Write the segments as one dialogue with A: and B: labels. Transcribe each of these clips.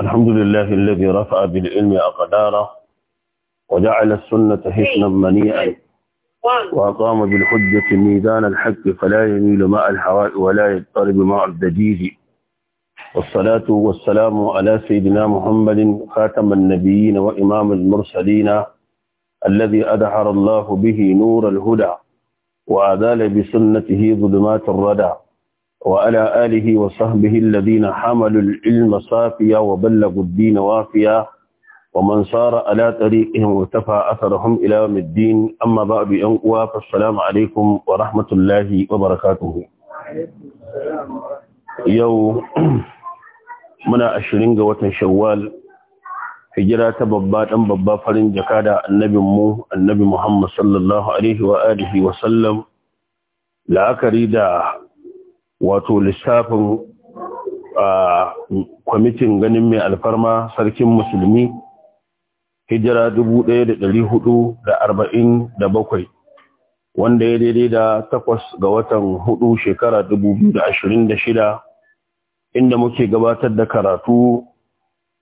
A: الحمد لله الذي رفع بالعلم أقداره وجعل السنة حسنا منيئا وأقام بالحجة ميدان الحق فلا يميل ماء الحواء ولا يضطرب ماء الدجيج والصلاة والسلام على سيدنا محمد خاتم النبيين وإمام المرسلين الذي أدحر الله به نور الهدى وأذال بسنته ظلمات الردى وعلى آله وصحبه الذين حملوا العلم صافيا وبلغوا الدين وافيا ومن صار على طريقهم وتفى أثرهم إلى يوم الدين أما بعد أنقوا فالسلام عليكم ورحمة الله وبركاته يو منا أشرين وتن شوال هجرة ببات أم ببا babba farin النبي مو النبي محمد صلى الله عليه وآله وسلم لا كريدا wato lissafin a kwamitin ganin mai alfarma sarkin musulmi hijira 1447 wanda ya daidai da takwas ga watan hudu shekara 2026 inda muke gabatar da karatu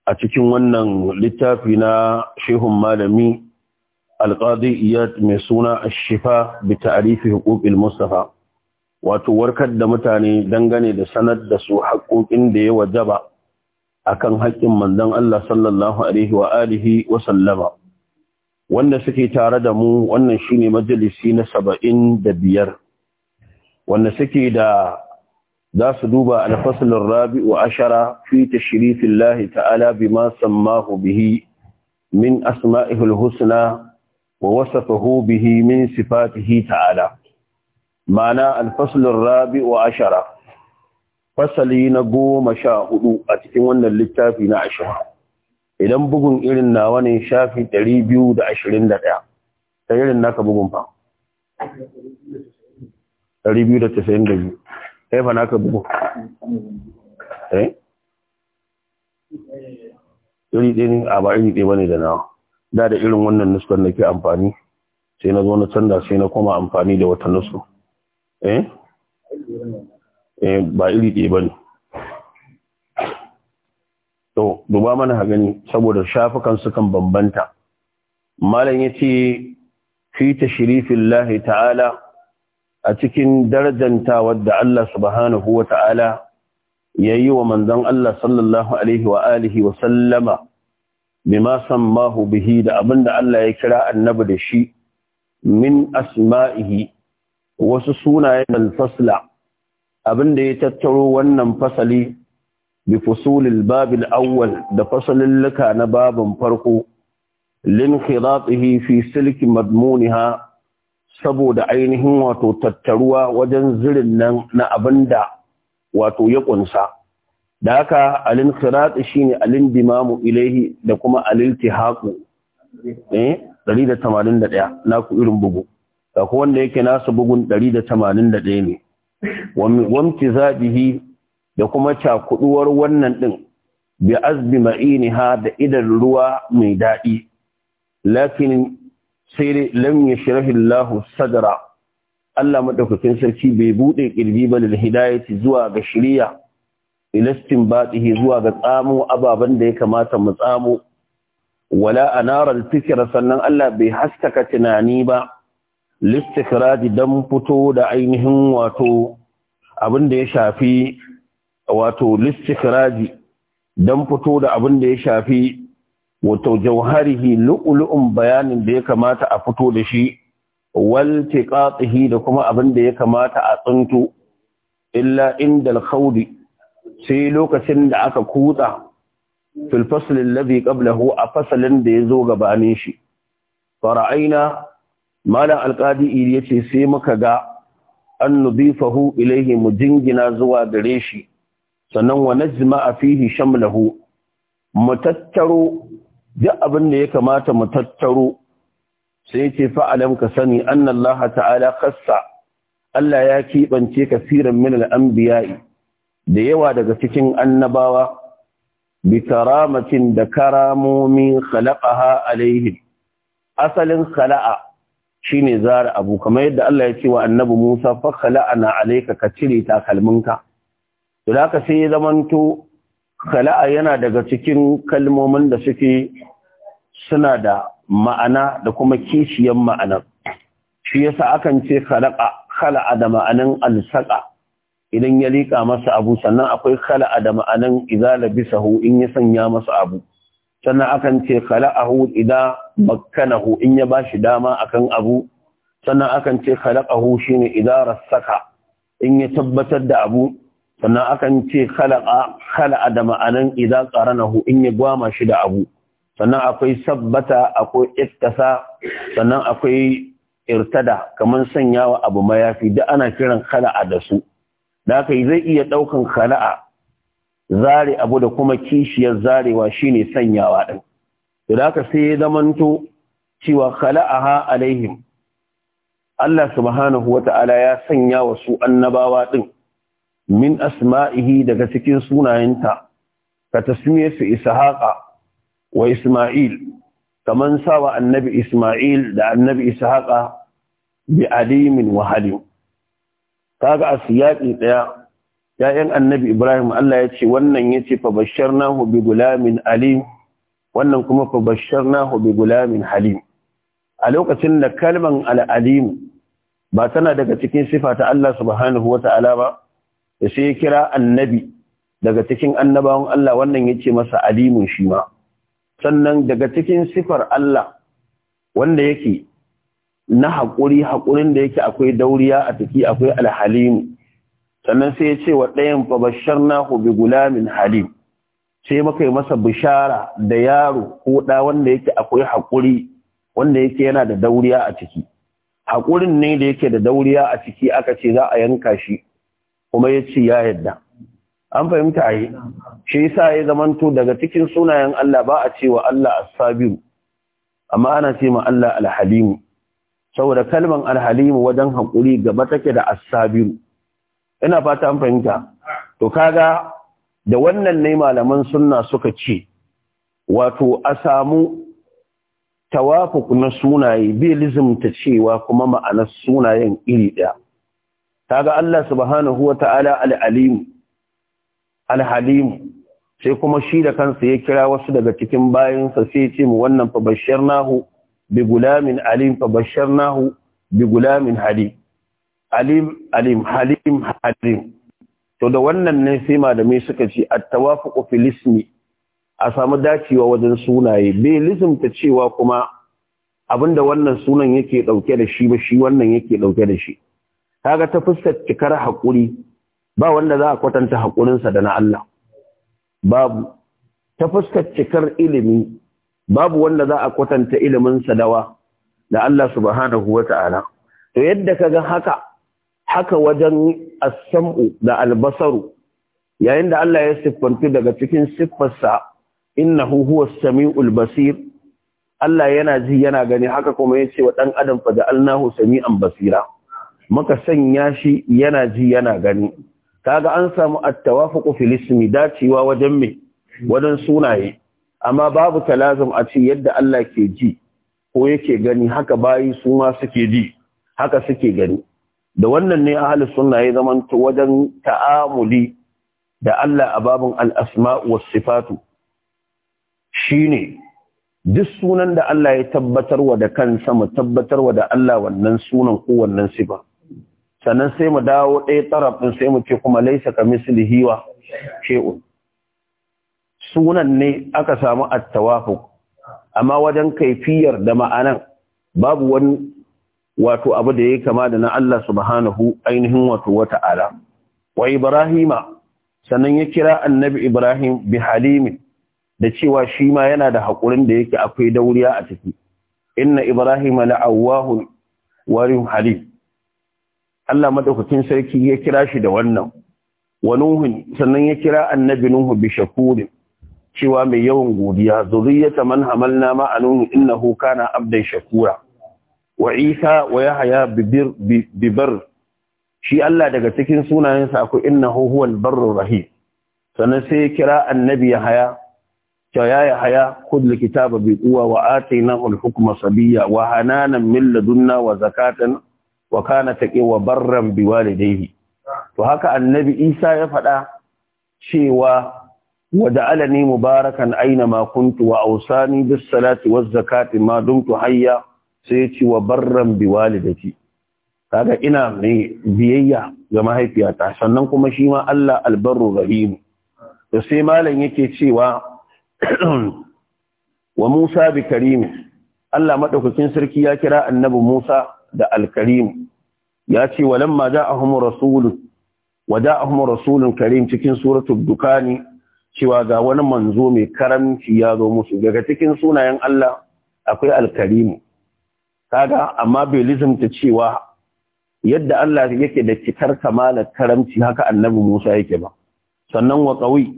A: a cikin wannan littafi na shehun malami alƙadi iyat mai suna ashifa bi ta'arifi huquqil mustafa wato warkar da mutane dangane da sanar da su haƙoƙin da ya wajaba akan haƙƙin manzon Allah sallallahu alaihi wa alihi wa sallama wanda suke tare da mu wannan shine majalisi na biyar. wanda suke da za su duba al Rabi'u rabi wa ashara fi tashrif Allah ta'ala ma sammahu bihi min Asma'il husna wa wasafahu bihi min sifatihi ta'ala mana alfasulun rabi wa ashara fasali na goma sha hudu a cikin wannan littafi na ashara idan bugun irin nawa ne shafi ɗari biyu da da ashirin ɗaya, ta irin naka bugun fa Ɗari biyu da 292 kai fa naka bugun eh iri ɗaya ne a ba iri ɗaya bane da nawa da da irin wannan nuskar ke amfani sai na zo na canza sai na koma amfani da wata nuskar eh eh ba iri ɗaya bane to duba mana ha gani saboda shafukan sukan bambanta malam ya ce, fi lahi ta'ala a cikin darajantawar da Allah subhanahu wa ta'ala yi wa manzon Allah sallallahu alaihi wa alihi wa sallama bima sammahu bihi da abinda Allah ya kira annabi da shi min asma'ihi wasu sunayen abin abinda ya tattaro wannan fasali bi fusulil babil awwal da fasalin laka na babin farko lin khiratihi fi silki madmuniha saboda ainihin wato tattaruwa wajen zirin nan na da wato ya kunsa da haka alin khirati shine alin dimamu ilaihi da kuma aliltihaqu eh 181 na ku irin bugu ko wanda yake nasu bugun 181 ne wamti zabihi da kuma cakuduwar wannan din bi azbi ma'iniha da idan ruwa mai dadi lakin sai lam yashrahi Allahu sadra Allah madaukakin sarki bai bude kirbi ba lil hidayati zuwa ga shiriya ilastin batihi zuwa ga tsamu ababen da ya kamata mu tsamo wala al fikra sannan Allah bai haskaka tunani ba Listikraji don fito da ainihin wato abin da ya shafi wato don fito da abin da ya shafi wato jauharihi lu'ulu'un bayanin da ya kamata a fito da shi walte katsihi da kuma abin da ya kamata a tsuntu illa inda al sai lokacin da aka kutsa fil labi alladhi a fasalin da ya zo gabanin shi fara'aina malam alƙadi ya ce sai muka ga an nudifahu ilaihi mu jingina zuwa gare shi sannan wa najma fihi shamlahu mu tattaro duk abin da ya kamata mu tattaro sai ce fa'alam ka sani annallaha ta'ala kassa Allah ya kibance kasiran min al-anbiya'i da yawa daga cikin annabawa bi karamatin da karamomi khalaqaha alaihim asalin khala'a Shi ne zara abu kamar yadda Allah ya ce wa annabi Musa fakhala ana alayka ka cire takalminka to da ka sai ya zamanto khala'a yana daga cikin kalmomin da suke suna da ma'ana da kuma kishiyan ma'ana shi yasa akan ce khala'a khala'a da ma'anan alsaqa idan ya lika masa abu sannan akwai khala'a da ma'anan idza labisahu in ya sanya masa abu sannan akan ce khala'ahu idza makkanahu in ya bashi dama akan abu sannan akan ce khalaqahu shine idza rassaka in ya tabbatar da abu sannan akan ce khalaqa khala'a da ma'anan idza qaranahu in ya gwama shi da abu sannan akwai sabbata akwai ittasa sannan akwai irtada kaman sanyawa abu mayafi da ana kiran khala'a da su da haka zai iya daukan khala'a zare abu da kuma kishiyar zarewa shine sanyawa din to da sai ya zamanto cewa khala'aha alaihim Allah subhanahu wata'ala ya sanya wa su annabawa din min asma'ihi daga cikin sunayenta ka su ishaqa wa isma'il kaman sawa annabi Ismail da annabi Ishaqa bi alimin wa halim kaga a siyaqi daya ‘ya'yan annabi Ibrahim Allah ya ce wannan ya ce fabashar na bi gulamin alim, wannan kuma fabashar na bi gulamin halim. A lokacin da kalman al'alim ba tana daga cikin sifa ta Allah subhanahu wa ta'ala ba, da sai ya kira annabi daga cikin annabawan Allah wannan ya ce masa alimun shi ma. Sannan daga cikin sifar Allah wanda yake na haƙuri haƙurin da yake akwai dauriya a ciki akwai alhalimu. sannan sai ya ce wa ɗayan fa basharnahu bi gulamin halim sai maka yi masa bishara da yaro ko ɗa wanda yake akwai haƙuri wanda yake yana da dauriya a ciki haƙurin ne da yake da dauriya a ciki aka ce za a yanka shi kuma ya ce ya yadda an fahimta a yi shi yasa ya zamanto daga cikin sunayen Allah ba a ce wa Allah as-sabiru amma ana ce ma Allah al-halimu saboda kalman al-halimu wajen haƙuri gaba take da as-sabiru ina fata an fahimta to kaga da wannan ne malaman sunna suka ce wato a samu tawafuk na sunaye bai lizimta cewa kuma ma'anar sunayen iri ɗaya kaga Allah subhanahu wata'ala al-alim al-halim sai kuma shi da kansa ya kira wasu daga cikin bayansa sai ya ce mu wannan fa basharnahu bi gulamin alim fa basharnahu bi gulamin halim alim alim halim halim to da wannan ne sai malamai suka ce at-tawafuqu fil ismi a samu dacewa wajen sunaye bai lizumta cewa kuma abinda wannan sunan yake dauke da shi ba shi wannan yake dauke da shi kaga ta fuskar cikar hakuri ba wanda za a kwatanta hakurin sa da na Allah babu ta fuskar cikar ilimi babu wanda za a kwatanta ilimin wa, da Allah subhanahu wata'ala to yadda kaga haka haka wajen as-sam'u da al yayin da Allah ya siffantu daga cikin siffarsa innahu huwa as-sami'ul basir Allah yana ji yana gani haka kuma yace wa dan adam fa ja'alnahu sami'an basira muka sanya shi yana ji yana gani kaga an samu at-tawafuqu fil ismi dacewa wajen me wajen sunaye amma babu talazum a ce yadda Allah ke ji ko yake gani haka bayi su ma suke ji haka suke gani da wannan ne ahli sunna ya zaman wajen ta'amuli da Allah a babun al-asma was sifatu shine duk sunan da Allah ya tabbatarwa da kansa mu tabbatarwa da Allah wannan sunan ko wannan sifa sannan sai mu dawo ɗaya tarafin sai mu ce kuma laisa ka mislihi wa shay'un sunan ne aka samu at-tawafuq amma wajen kaifiyar da ma'anan babu wani wato abu da ya kama da na Allah subhanahu ainihin wato wata'ala wa ibrahima sannan ya kira annabi ibrahim bi halimin da cewa shi ma yana da haƙurin da yake akwai dauriya a ciki inna ibrahim la'awahun warin halim Allah madaukakin sarki ya kira shi da wannan wa Nuhu! sannan ya kira annabi nuhu bi shakurin cewa mai yawan godiya zuriyata man hamalna ma a nuhu innahu kana abdan shakura wa Isa wa Yahya shi Allah daga cikin sunayensa akwai innahu huwal barrur rahim sannan sai kira annabi Yahya ta ya haya, khudh kitaba bi uwa, wa atainahu al sabiyya wa hananan min wa zakatan wa kana taqiwa barran biwalidayhi to haka annabi Isa ya faɗa cewa Mubarakan وجعلني مباركا أينما كنت وأوصاني بالصلاة zakati ما دمت hayya sai ya ce wa barran bi kaga ina mai biyayya ga mahaifiyata sannan kuma shi ma Allah albarru rahim to sai malam yake cewa wa Musa bi karim Allah madaukakin sarki ya kira annabi Musa da alkarim ya ce walamma ja'ahum rasulun wada'ahum rasulun karim cikin suratul dukani cewa ga wani manzo mai karamci ya zo musu daga cikin sunayen Allah akwai alkarimu kaga amma bai lizumta cewa yadda Allah yake da cikar kamalar karamci haka annabi Musa yake ba sannan wa qawi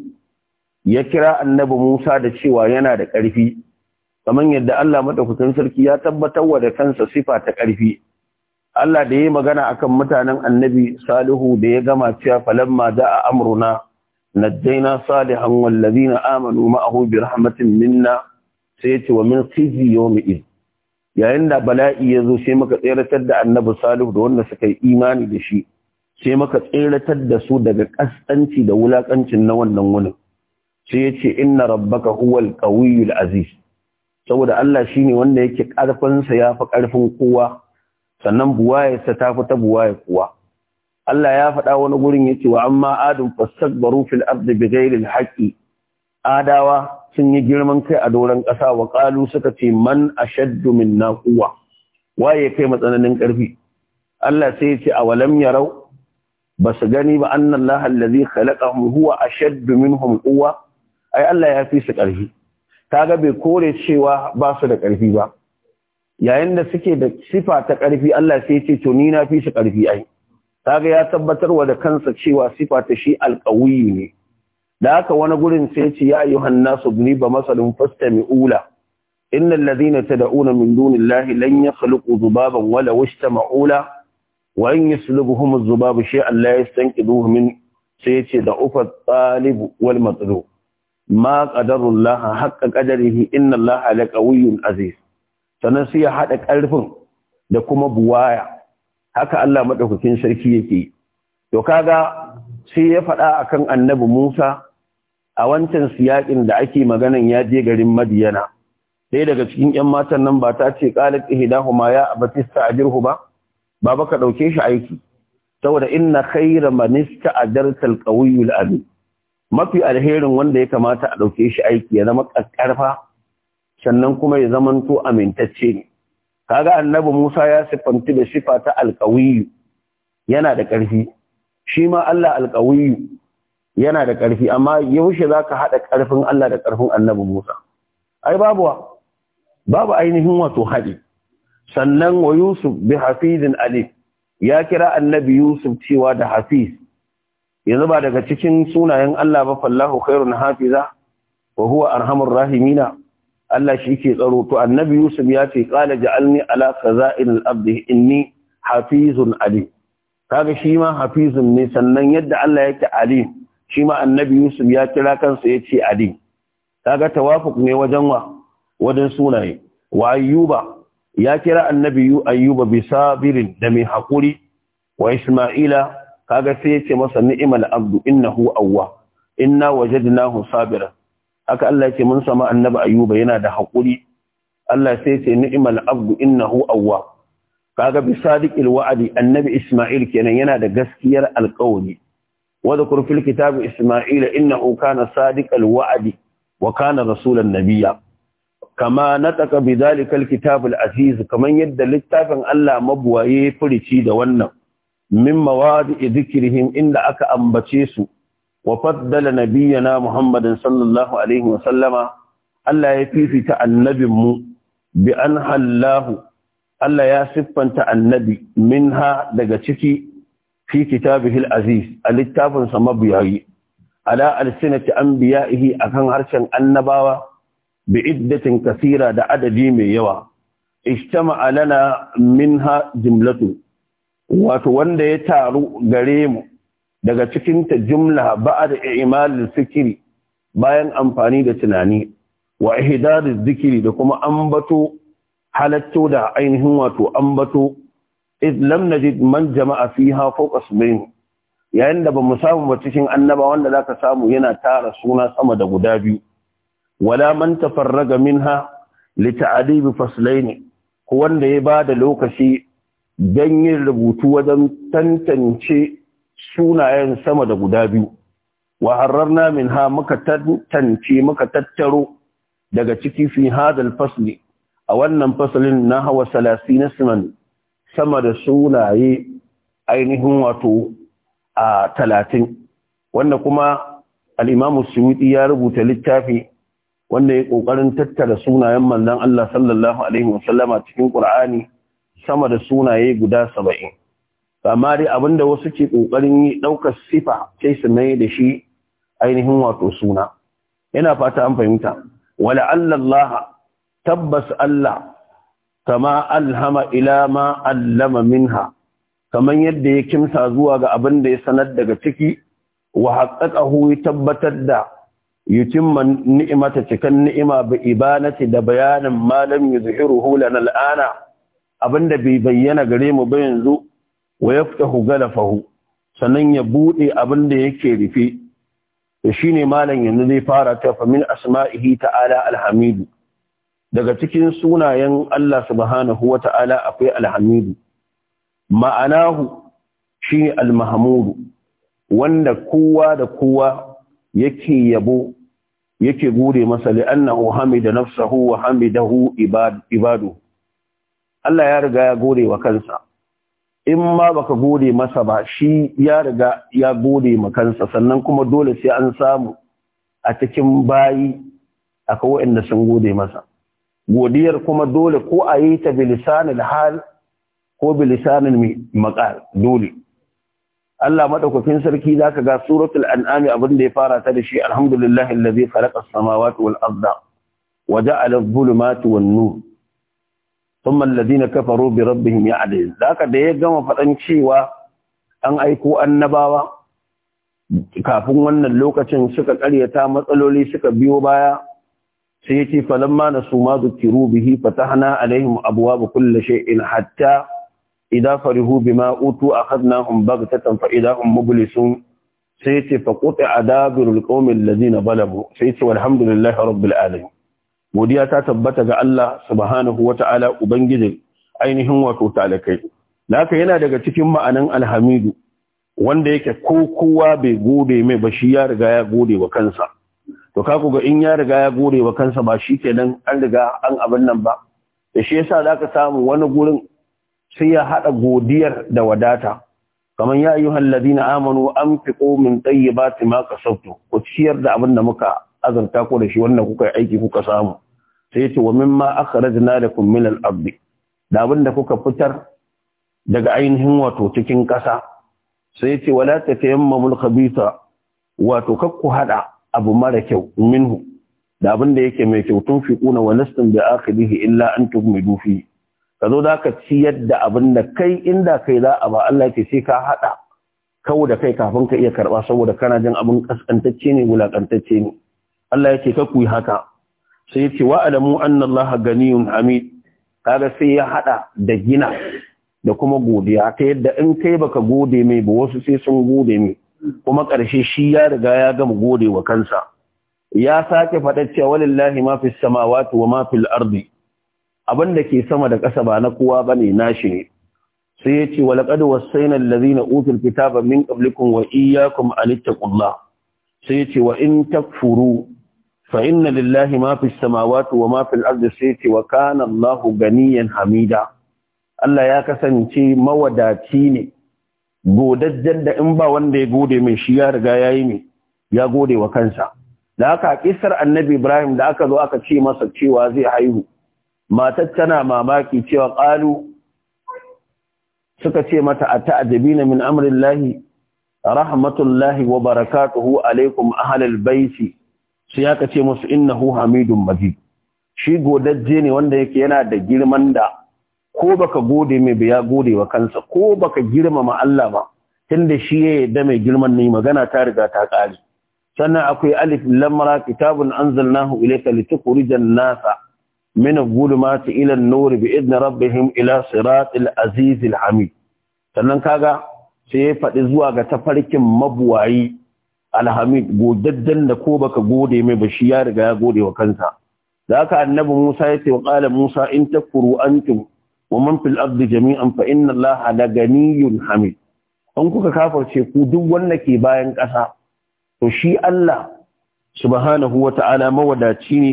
A: ya kira annabi Musa da cewa yana da ƙarfi kamar yadda Allah madaukakin sarki ya tabbatar wa da kansa sifa ta ƙarfi Allah da yayi magana akan mutanen annabi Salihu da ya gama cewa falamma da'a amruna najjayna salihan wal ladina amanu ma'ahu bi rahmatin minna sai ya ce wa min khizyi yawmi idh yayin da bala'i ya zo sai muka tseratar da annabi salihu da wanda suka yi imani da shi sai muka tseratar da su daga kaskanci da wulakancin na wannan wunin sai ya ce inna rabbaka huwal qawiyyul aziz saboda Allah shine wanda yake karfin sa yafi karfin kowa sannan buwayarsa ta fi ta buwaye kowa Allah ya faɗa wani gurin yace wa amma adun fastakbaru fil ardi bighairi haqqi adawa sun yi girman kai a doron ƙasa wa ƙalu suka ce man ashaddu na quwwa waye kai matsananin ƙarfi Allah sai ya ce a walam rau, ba su gani ba annan da zai khalaqahum huwa ashaddu minhum quwwa ai Allah ya fi su ƙarfi ga bai kore cewa ba su da ƙarfi ba yayin da suke da sifa ta ƙarfi Allah sai ce to ni na fi su ƙarfi ai Ta ga ya tabbatarwa da kansa cewa sifa ta shi alƙawuyi ne da haka wani gurin sai ce ya su nasu ba masalin fastami ula innal ta da'una min dunillahi lan saluku dhubaban wala washtama'ula wa in shi Allah ya san ki duhu min sai ce da ufa talib wal matlub ma qadarullaha inna qadarihi da ƙawuyin aziz sanan su ya haɗa ƙarfin da kuma buwaya haka Allah maɗaukakin sarki yake to kaga sai ya faɗa akan annabi Musa a wancan siyaƙin da ake maganan ya je garin madiyana ɗaya daga cikin 'yan matan nan ba ta ce ƙalat ihdahuma ya a ajirhu ba baba ka ɗauke shi aiki saboda inna khayra man ista'jarta al-qawiyyu al mafi alherin wanda ya kamata a ɗauke shi aiki ya zama ƙarfa sannan kuma ya zama to amintacce ne kaga annabi Musa ya sifanti da sifa ta al yana da ƙarfi shi ma Allah al yana da ƙarfi amma yaushe za ka haɗa ƙarfin Allah da ƙarfin annabi Musa ai babu babu ainihin wato haɗi sannan wa Yusuf bi hafizin alif ya kira annabi Yusuf cewa da hafiz yanzu ba daga cikin sunayen Allah ba fallahu khairun hafiza wa huwa arhamur rahimina Allah shi ke tsaro to annabi Yusuf ya ce qala ja'alni ala khaza'in al inni hafizun alim kaga shi ma hafizun ne sannan yadda Allah yake alim shi ma annabi yusuf ya kira kansa ya ce adi kaga tawafuk ne wajen wa wajen sunaye wa ayyuba ya kira annabi yu ayyuba bi da mai hakuri wa isma'ila kaga sai ya ce masa Ni'imal abdu innahu awwa inna wajadnahu sabira haka Allah ce mun sama annabi ayyuba yana da hakuri Allah sai ce ni'mal abdu innahu awwa kaga bi sadiqil wa'adi. annabi isma'il kenan yana da gaskiyar alƙawari واذكر في الكتاب إسماعيل إنه كان صادق الوعد وكان رسول النبي كما نتك بذلك الكتاب العزيز كما يد للتافع ألا مبوي فرشي دونا من مواد ذكرهم إن أك أنبتيس وفضل نبينا محمد صلى الله عليه وسلم ألا يفيفت النبي بأنها الله Allah ya siffanta annabi minha daga ciki fi kitabihil aziz a littafin sa mabiyayi ala alsinati anbiya'ihi akan harshen annabawa bi iddatin kasira da adadi mai yawa ijtama'a lana minha jumlatu wato wanda ya taru gare mu daga cikin ta jumla ba'da i'malil fikri bayan amfani da tunani wa ihdariz zikiri da kuma ambato halatto da ainihin wato ambato id lam najid man jama'a fiha fawqa subayn yayin da bamu samu ba cikin annaba wanda zaka samu yana tara suna sama da guda biyu wala man tafarraga minha lita'adibi faslayn ko wanda ya bada lokaci dan yin rubutu wajen tantance sunayen sama da guda biyu wa harrarna minha muka tantance muka tattaro daga ciki fi hadal fasli a wannan fasalin na hawa 30 sama da sunaye ainihin wato a talatin wanda kuma al'imamu suyuti ya rubuta littafi wanda ya ƙoƙarin tattara sunayen manzan Allah sallallahu Alaihi wasallama cikin ƙur'ani sama da sunaye guda saba'in. Amma dai abinda wasu ke ƙoƙarin yi ɗaukar sifa sai su mai da shi ainihin wato suna. Yana fata an fahimta, wala Allah tabbas Allah kama alhama ila ma allama minha kaman yadda ya kimsa zuwa ga abin da ya sanar daga ciki wa haqqaqahu ya tabbatar da yutimma ni'imata cikan ni'ima bi ibanati da bayanin ma lam yuzhiruhu lana al'ana abinda bai bayyana gare mu ba yanzu wa yaftahu galafahu sannan ya bude abinda yake rufe shine malam yanzu zai fara ta fa min asma'ihi ta'ala alhamidu daga cikin sunayen Allah subhanahu wa ta'ala akwai alhamidu ma'anahu shi almahamudu wanda kowa da kowa yake yabo yake gode masa li'annahu hamida nafsahu wa hamidahu ibadu Allah ya riga ya gode wa kansa in ma baka gode masa ba shi ya riga ya gode ma kansa sannan kuma dole sai an samu a cikin bayi akwai waɗanda sun gode masa godiyar kuma dole ko a yi ta bilisanil hal ko bilisanin maqal dole Allah madaukakin sarki zaka ga suratul an'ami abin da ya fara ta da shi alhamdulillahi allazi khalaqa as-samawati wal arda wa ja'ala adh-dhulumati wan-nur thumma alladhina kafaru bi rabbihim ya'dil ka da ya gama fadan cewa an aiko annabawa kafin wannan lokacin suka ƙaryata matsaloli suka biyo baya sai yace falamma nasu ma zukiru bihi fatahna alaihim abwaaba kulli shay'in hatta idza farihu bima utu akhadnahum baghtatan ta idza hum mublisun sai ce fa qut'a dabirul qaumil ladina balamu sai yace walhamdulillahi rabbil alamin godiya ta tabbata ga Allah subhanahu wata'ala ubangijin ainihin wato talakai laka yana daga cikin ma'anan alhamidu wanda yake ko kowa bai gode mai ba shi ya riga ya gode wa kansa to ka ga in ya riga ya gore wa kansa ba shi kenan an riga an abin nan ba da shi yasa za ka samu wani gurin sai ya haɗa godiyar da wadata kamar ya yi hallabi amanu an fi min tsaye ba ta maka sautu ku ciyar da abin da muka azarta ko da shi wannan kuka aiki kuka samu sai ce wa mimma aka na da kummilan abdi da abin da kuka fitar daga ainihin wato cikin ƙasa sai ce wala ta taimma mulka bita wato kakku haɗa abu mara kyau minhu da abin da yake mai kyau tun fi kuna wa da bi akhirihi illa an mai dufi. ka zo za ka ci yadda abin da kai inda kai za a ba Allah ke sai ka haɗa kawo da kai kafin ka iya karɓa saboda kana jin abin ƙasƙantacce ne wulaƙantacce ne Allah ya ce ka kuyi haka sai ce wa alamu anna Allah ganiyun hamid kaga sai ya haɗa da gina da kuma godiya ta yadda in kai baka gode mai ba wasu sai sun gode mai kuma ƙarshe shi ya riga ya gama gode wa kansa ya sake faɗa cewa walillahi ma fi samawati wa ma fil ardi abin da ke sama da ƙasa ba na kowa bane nashi ne sai ya ce walaqad wasaina allazina utul kitaba min qablikum wa iyyakum an ittaqullah sai ya ce wa in takfuru fa inna lillahi ma fi samawati wa ma fil ardi sai ya ce wa kana allahu ganiyan hamida Allah ya kasance mawadaci ne godajjen da in ba wanda ya gode mai shi ya riga ya yi mai ya gode wa kansa da haka kisar annabi ibrahim da aka zo aka ce masa cewa zai haihu matar tana mamaki cewa ƙalu suka ce mata a ta'adabi na min amrillahi rahmatullahi wa barakatuhu alaikum ahlal su. sai aka ce musu Hu hamidun maji shi godajje ne wanda yake yana da girman da ko baka gode mai ba ya gode wa kansa ko baka girmama Allah ba tunda shi ya yarda mai girman ne magana ta riga ta kare sannan akwai alif lam ra kitabun anzalnahu ilayka litukhrijan nasa min adh-dhulumati ila an-nur bi idni rabbihim ila siratil azizil hamid sannan kaga sai ya faɗi zuwa ga tafarkin mabuwayi alhamid godaddan da ko baka gode mai ba shi ya riga ya gode wa kansa da haka annabi Musa ya ce wa qala Musa in kuru antum wa man fil ardi jami'an fa inna allaha ganiyun hamid an kuka kafarce ku duk wanda ke bayan ƙasa to shi Allah subhanahu wata'ala mawadaci ne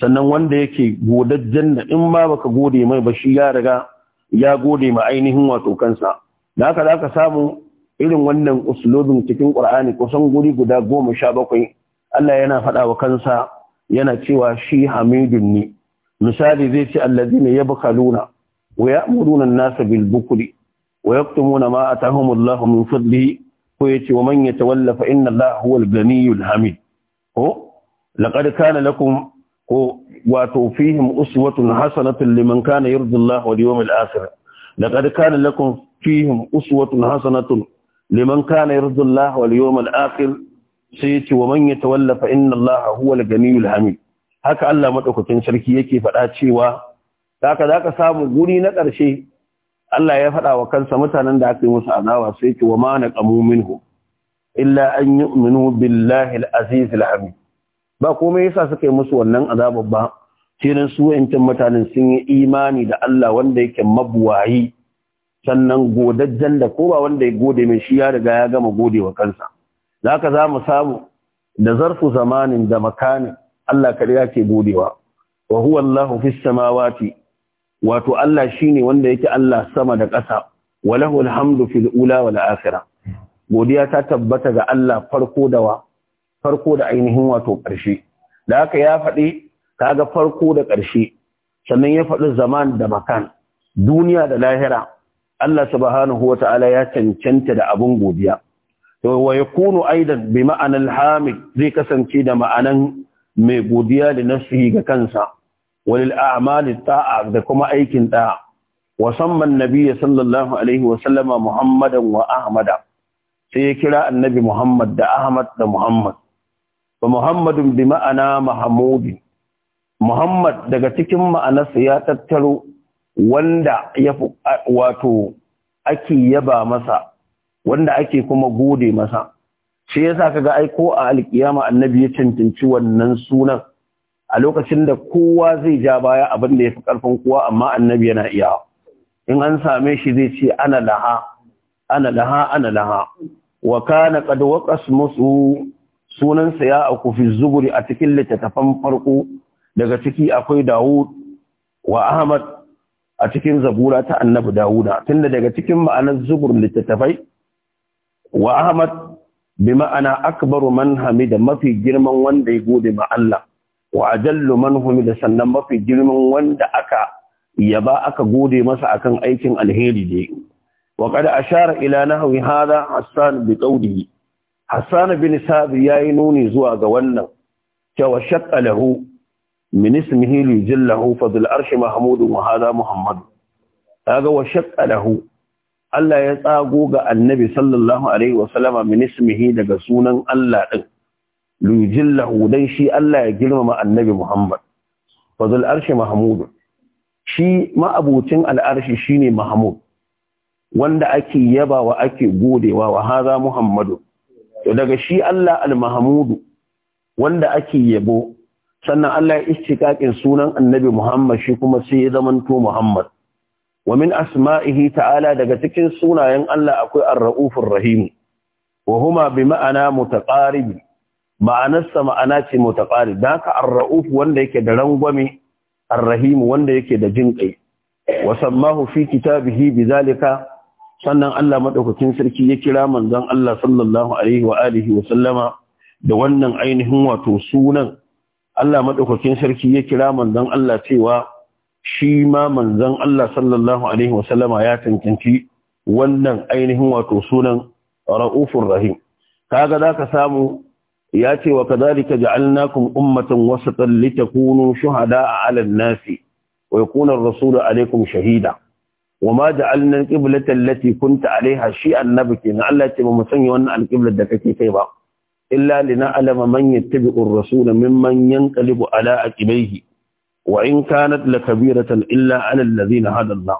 A: sannan wanda yake godajjen da in ma baka gode mai ba shi ya riga ya gode ma ainihin wato kansa da haka zaka samu irin wannan uslubin cikin Qur'ani kusan guri guda goma sha bakwai Allah yana faɗa wa kansa yana cewa shi hamidun ne misali zai ce allazina yabkhaluna ويأمرون الناس بالبكل ويكتمون ما أتاهم الله من فضله ويتي ومن يتولى فإن الله هو الغني الحميد هو لقد كان لكم واتوا فيهم أسوة حسنة لمن كان يرضي الله واليوم الآخر لقد كان لكم فيهم أسوة حسنة لمن كان يرضي الله واليوم الآخر سيتي ومن يتولى فإن الله هو الغني الحميد haka Allah madaukakin sarki yake faɗa cewa haka za ka samu guri na ƙarshe Allah ya faɗa wa kansa mutanen da aka yi musu azawa sai ki wa ma na ƙamu minhu illa an minu billahi al-aziz ba komai yasa suka yi musu wannan azabar ba cikin su wayancan mutanen sun yi imani da Allah wanda yake mabuwayi sannan godajjen da ko ba wanda ya gode mai shi ya riga ya gama gode wa kansa zaka za mu samu da zarfu zamanin da makanin Allah kariya ke godewa wa huwa Allahu fi samawati wato Allah shine wanda yake Allah sama da ƙasa walahu alhamdu fil ula wal akhirah godiya ta tabbata ga Allah farko da farko da ainihin wato ƙarshe da haka ya faɗi kaga farko da ƙarshe sannan ya faɗi zaman da makan duniya da lahira Allah subhanahu wata'ala ya cancanta da abun godiya wa yakunu aidan bi ma'anar hamid zai kasance da ma'anan mai godiya da nafsihi ga kansa walil a'mali ta'a da kuma aikin ɗaya. wa samman nabiyyi sallallahu alaihi wa sallama muhammadan wa ahmada sai ya kira annabi muhammad da ahmad da muhammad wa muhammadun bi ma'ana mahmudin muhammad daga cikin ma'anarsa ya tattaro wanda ya wato ake yaba masa wanda ake kuma gode masa shi yasa ka ga aiko a alkiyama annabi ya cancanci wannan sunan a lokacin da kowa zai ja baya abin da ya fi ƙarfin kowa amma annabi yana iya in an same shi zai ce ana laha ana laha ana laha wa kana qad waqas musu sunan sa ya aku fi zuburi a cikin littattafan farko daga ciki akwai Dawud wa Ahmad a cikin zabura ta annabi Dawuda tunda daga cikin ma'anar zubur littattafai wa Ahmad bi ma'ana akbaru man hamida mafi girman wanda ya gode ma Allah wa ajallu man humida sannan mafi girman wanda aka ba aka gode masa akan aikin alheri da wa qad ashara ila nahwi hadha Hassan bi qawlihi Hassan bin Sabi yayi nuni zuwa ga wannan cewa shaqqa lahu min ismihi li jallahu fadl arsh mahmud wa hadha muhammad kaga wa lahu Allah ya tsago ga annabi sallallahu alaihi wa min ismihi daga sunan Allah din lujillahu dan shi Allah ya girmama annabi Muhammad fazul arshi mahmud shi ma'abucin al'arshi shine mahmud wanda ake wa ake godewa wa haza muhammadu to daga shi Allah al-mahmud wanda ake yabo sannan Allah ya istiqaqin sunan annabi Muhammad shi kuma sai ya zamanto Muhammad wa min asma'ihi ta'ala daga cikin sunayen Allah akwai ar-raufur rahim wa huma bi ma'ana mutaqaribi ma'anarsa ma'ana ce mutaqari da haka ar-ra'uf wanda yake da rangwame ar-rahim wanda yake da jinkai wa sammahu fi kitabihi zalika. sannan Allah madaukakin sarki ya kira manzon Allah sallallahu alaihi wa alihi wa sallama da wannan ainihin wato sunan Allah madaukakin sarki ya kira manzon Allah cewa shi ma manzon Allah sallallahu alaihi wa sallama ya tantance wannan ainihin wato sunan ra'ufur rahim kaga zaka samu ya ce wa kadhalika ja'alnakum ummatan wasatan litakunu shuhada'a 'ala an-nasi wa yakuna ar-rasulu 'alaykum shahida وما جعلنا القبلة التي كنت عليها شيئا نبكي ان الله تبا مسني wannan alqiblar da kake kai ba illa lina'lama man yattabi'u ar-rasul mimman yanqalibu ala aqibayhi wa in kanat lakabiratan illa 'ala alladhina hada Allah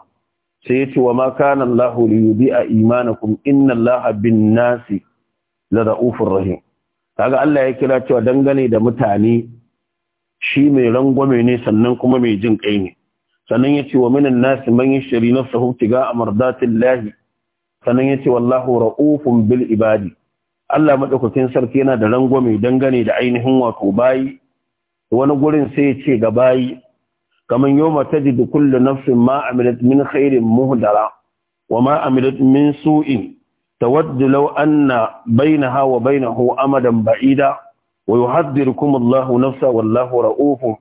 A: sai yace wa ma kana Allah liyudi'a imanakum inna Allah bin-nasi la ra'ufur rahim kaga Allah ya kira cewa dangane da mutane shi mai rangwame ne sannan kuma mai jin kai ne sannan ya ce wa minan nasi man yashri nafsahu tiga amardatil lahi sannan ya ce wallahu ra'ufun bil ibadi Allah madaukakin sarki yana da rangwame dangane da ainihin wato bayi wani gurin sai ya ce ga bayi kaman yawma tajidu kullu nafsin ma amilat min khairin muhdara wa ma amilat min su'in tawaddu law anna bainaha wa bainahu amadan ba'ida wa yuhaddirukum Allahu nafsa wallahu ra'ufun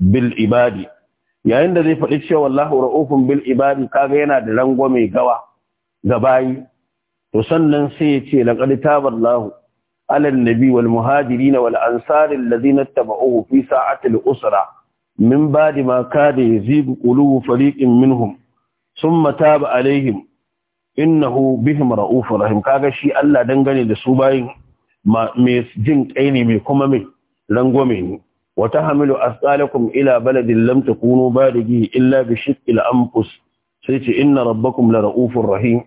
A: bil ibadi yayin da zai faɗi cewa wallahu ra'ufun bil ibadi kaga yana da rangwame gawa ga bayi to sannan sai ya ce laqad taballahu على النبي والمهاجرين والأنصار الذين اتبعوه في ساعة الأسرة من بعد ما كاد يزيغ قلوب فريق منهم ثم تاب عليهم innahu bihim ra'ufur rahim kaga shi Allah dangane da su bayin mai jin kai mai kuma mai rangwame ne wata hamilu asqalakum ila baladin lam takunu balighi illa bi shiqqil anfus sai ce inna rabbakum la ra'ufur rahim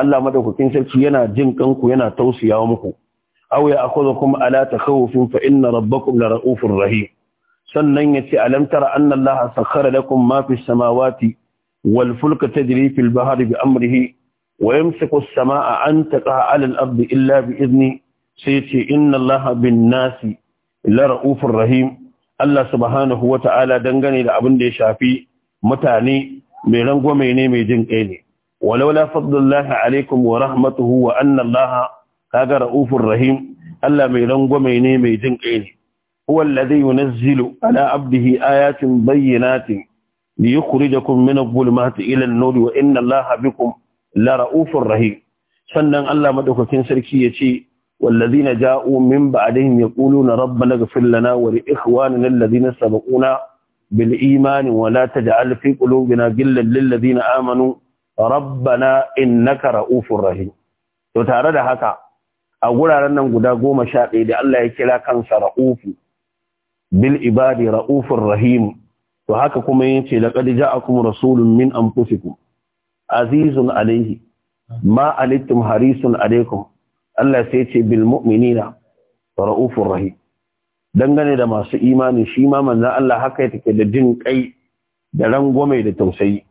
A: Allah madaukakin sarki yana jin kanku yana tausiyawa muku aw ya akhudhukum ala takhawufin fa inna rabbakum la ra'ufur rahim sannan yace alam tara anna Allah sakhkhara lakum ma fis samawati wal fulka tajri fil bahri bi amrihi wa yamsiku as-samaa an taqa 'ala al-ardi illa bi idni sai ce inna binnasi, bin nasi la ra'ufur rahim Allah subhanahu wa ta'ala dangane da abin da ya shafi mutane mai rangwame ne mai jin kai ne walau la fadlullahi alaikum wa rahmatuhu wa anna allaha kaga ra'ufin rahim Allah mai rangwame ne mai jin kai ne huwa alladhi yunazzilu ala abdihi ayatin bayyinatin liyukhrijakum da adh mina ila an-nur wa inna allaha bikum لَرَؤُوفٌ رَّهِيمٌ sannan Allah maɗaukakin sarki yace wallazina ja'u min ba'dihim yaquluna rabbana ighfir lana wa li ikhwanina alladhina sabaquna bil imani wa la taj'al fi qulubina ghillan lil ladina amanu rabbana innaka ra'ufur rahim to tare da haka a guraren nan guda goma sha ɗaya da Allah ya kira kansa ra'ufu bil ibadi ra'ufin rahim to haka kuma yace laqad ja'akum rasulun min anfusikum azizun alaihi ma alittum harisun alaikum Allah sai ce bil mu'minina ra'ufur rahim dangane da masu imani shi ma manzon Allah haka yake da jin kai da rangwame da tausayi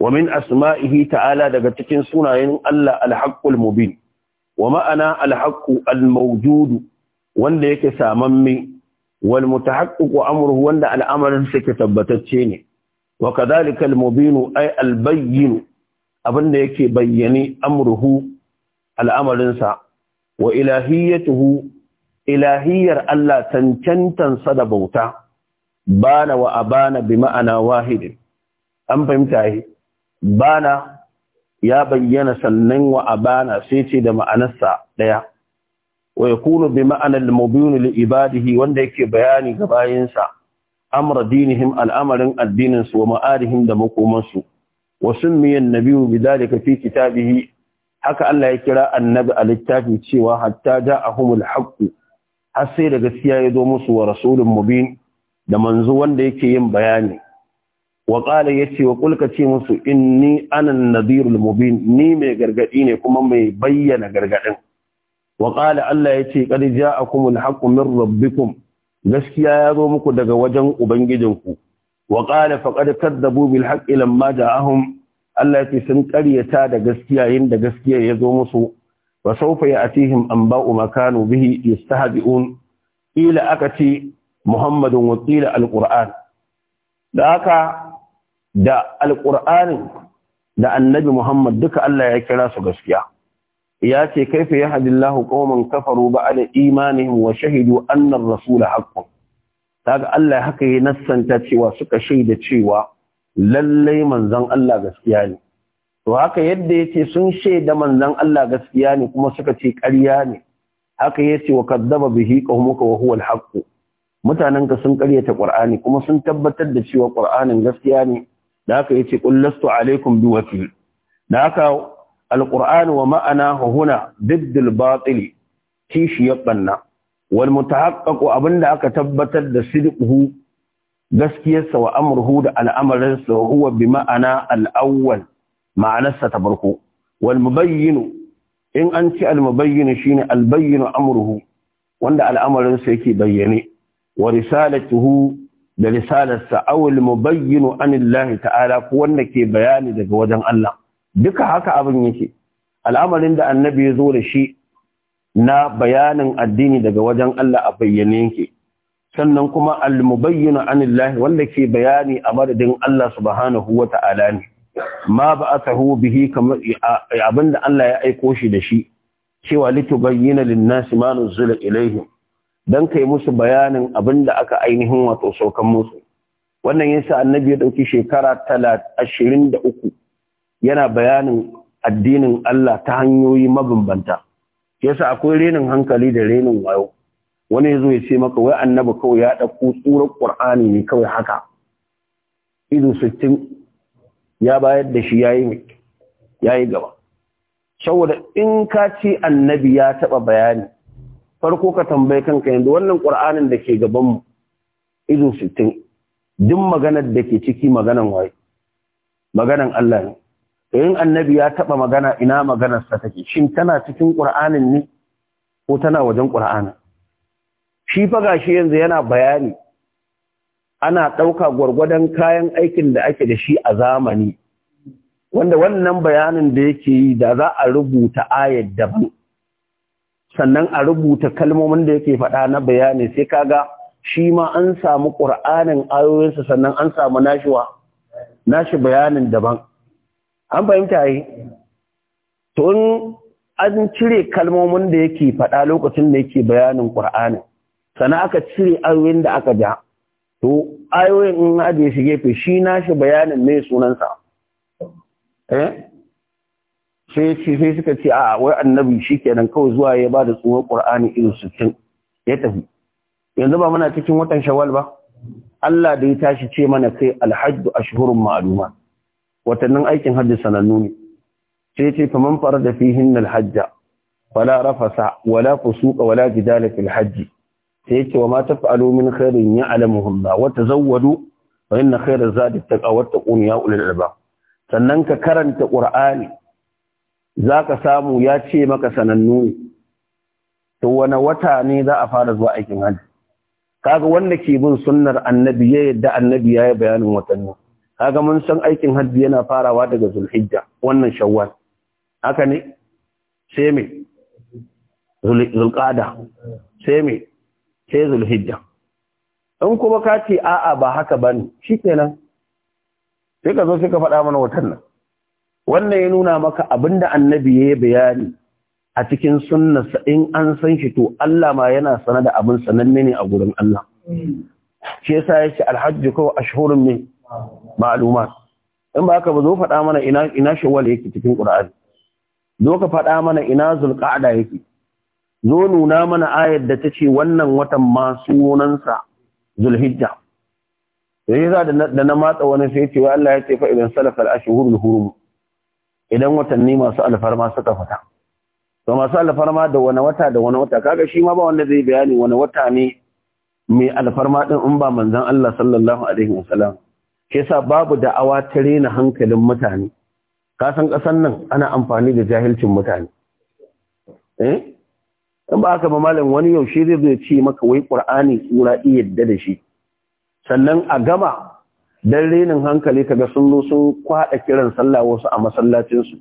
A: wa min asma'ihi ta'ala daga cikin sunayen Allah al-haqqul mubin wa ma'ana al-haqqu al-mawjud wanda yake samamme wal mutahaqqiq amruhu wanda al'amarin sa ke tabbatacce ne wa kadhalika al-mubin ay al-bayyin abin da yake bayyane amruhu al'amarinsa wa ilahiyyatuhu ilahiyar Allah cancantansa da bauta bana wa abana bi ma'ana wahidin an fahimta yi bana ya bayyana sannan wa abana sai ce da ma'anarsa ɗaya wa yakunu bi ma'anar mubinu li ibadihi wanda yake bayani ga bayinsa amra dinihim al'amarin addininsu wa ma'arihim da makomansu wa summiya an-nabiyyu bidhalika fi kitabihi haka Allah ya kira annabi a littafi cewa hatta ja'ahumul haqq har sai da gaskiya ya zo musu wa rasulun mubin da manzo wanda yake yin bayani wa qala yace wa qul ce musu inni ana an-nadhirul mubin ni mai gargadi ne kuma mai bayyana gargadin wa qala Allah yace qad ja'akumul haqqu min rabbikum gaskiya ya zo muku daga wajen ubangijinku wa qala faqad kadzabu bil haqqi lamma Allah yake sun karyata da gaskiya yinda gaskiya ya zo musu wa sawfa ya'tihim anba'u ma kanu bihi yastahbi'un ila akati muhammadun wa qila alquran da haka da alqur'ani da annabi muhammad duka Allah ya kira su gaskiya ya ce kaifa yahdillahu qauman kafaru ba'da imanihim wa shahidu anna ar-rasula haqqun kaga Allah haka ya nassanta cewa suka shaida cewa lallai manzon Allah gaskiya ne to haka yadda yace sun shaida manzon Allah gaskiya ne kuma suka ce ƙarya ne haka yace wa kadzaba bihi qaumuka wa huwa al-haqq mutanen ka sun ƙaryata Qur'ani kuma sun tabbatar da cewa Qur'anin gaskiya ne da haka yace qul lastu alaikum biwakil da haka al-Qur'an wa ma'ana huna diddul batil kishi yabanna wal mutahaqqaqu abinda aka tabbatar da sidquhu gaskiyarsa wa amruhu da al'amarinsa huwa bi ma'ana al'awwal ma'anarsa ta farko wal mubayyinu in an ci al mubayyinu shine al bayyinu amruhu wanda al'amarinsa yake bayyane wa risalatuhu da risalarsa aw al mubayyinu an Allah ta'ala ko wanda ke bayani daga wajen Allah duka haka abin yake al'amarin da annabi ya zo da shi na bayanin addini daga wajen Allah a bayyane yake sannan kuma al-mubayyinu anillahi wanda ke bayani a madadin Allah subhanahu wata'ala ne ma ba'athahu bihi kamar abinda Allah ya aiko shi da shi cewa litubayyana lin-nasi ma nuzila ilaihim dan kai musu bayanin abinda aka ainihin wato saukan musu wannan yasa annabi ya dauki shekara 23 yana bayanin addinin Allah ta hanyoyi mabambanta yasa akwai renin hankali da renin wayo wani yazo ya ce maka wai annabi kawai ya dauko tsurar qur'ani ne kawai haka ido 60 ya bayar da shi yayi yayi gaba saboda in ka ce annabi ya taba bayani farko ka tambaye kanka yanzu wannan qur'anin da ke gaban mu ido 60 duk maganar da ke ciki maganan wayo maganan Allah ne in annabi ya taba magana ina maganarsa sa take shin tana cikin qur'anin ne ko tana wajen ƙur'ani? shi fa gashi yanzu yana bayani ana ɗauka gwargwadon kayan aikin da ake da shi a zamani wanda wannan bayanin da yake yi da za a rubuta ayat daban sannan a rubuta kalmomin da yake faɗa na bayani sai kaga shi ma an samu qur'anin ayoyinsa sannan an samu nashi bayanin daban an fahimta yi Tun an cire kalmomin da yake faɗa lokacin da yake bayanin ƙur'anin sana aka cire ayoyin da aka ja to ayoyin in haɗe shi gefe shi nashi bayanin mai sunansa eh sai sai suka ce a wai annabi shi shikenan kawai zuwa ya ba da tsohon ƙur'ani irin sittin ya tafi yanzu ba muna cikin watan shawwal ba Allah da ya tashi ce mana kai alhajju ashhurun ma'luma watannin aikin hajji sanannu ne sai ce man fara da fihin hajja wala rafasa wala fusuka, wala jidala fil hajji sai yace wa ma taf'alu min khairin ya'lamuhu Allah wa tazawwadu fa inna khayra zadi taqwa wa taqun ya ulul albab sannan ka karanta qur'ani zaka samu ya ce maka sanannu ne to wani wata ne za a fara zuwa aikin hajji kaga wanda ke bin sunnar annabi ya yadda annabi ya yi bayanin watannin kaga mun san aikin hajji yana farawa daga zulhijja wannan shawwal haka ne sai me zulqada sai me sai zulhijja in kuma ka ce a'a ba haka bane shikenan sai ka zo sai ka faɗa mana watan nan wannan ya nuna maka abinda annabi ya bayani a cikin sunnarsa in an san shi to Allah ma yana sana da abin sananne ne a gurin Allah hmm. shi yasa yace alhajju ko ashhurun min ma'aluma in ba ka ba zo faɗa mana ina ina shawwal yake cikin qur'ani zo ka faɗa mana ina zulqa'da yake zo nuna mana ayar da ta ce wannan watan ma sunansa zulhijja sai za da na matsa wani sai ce wai Allah ya ce fa idan salafa al-ashhurul hurum idan watanni masu alfarma suka fita to masu alfarma da wani wata da wani wata kaga shi ma ba wanda zai bayani wani wata ne mai alfarma din in ba manzon Allah sallallahu alaihi wasallam Ke yasa babu da'awa ta rena hankalin mutane kasan san ƙasan nan ana amfani da jahilcin mutane eh in ba haka ba malam wani yaushe zai zo ce maka wai qur'ani sura iyadda yadda da shi sannan a gama dan renin hankali kaga sun zo sun kwada kiran sallah wasu a masallacin su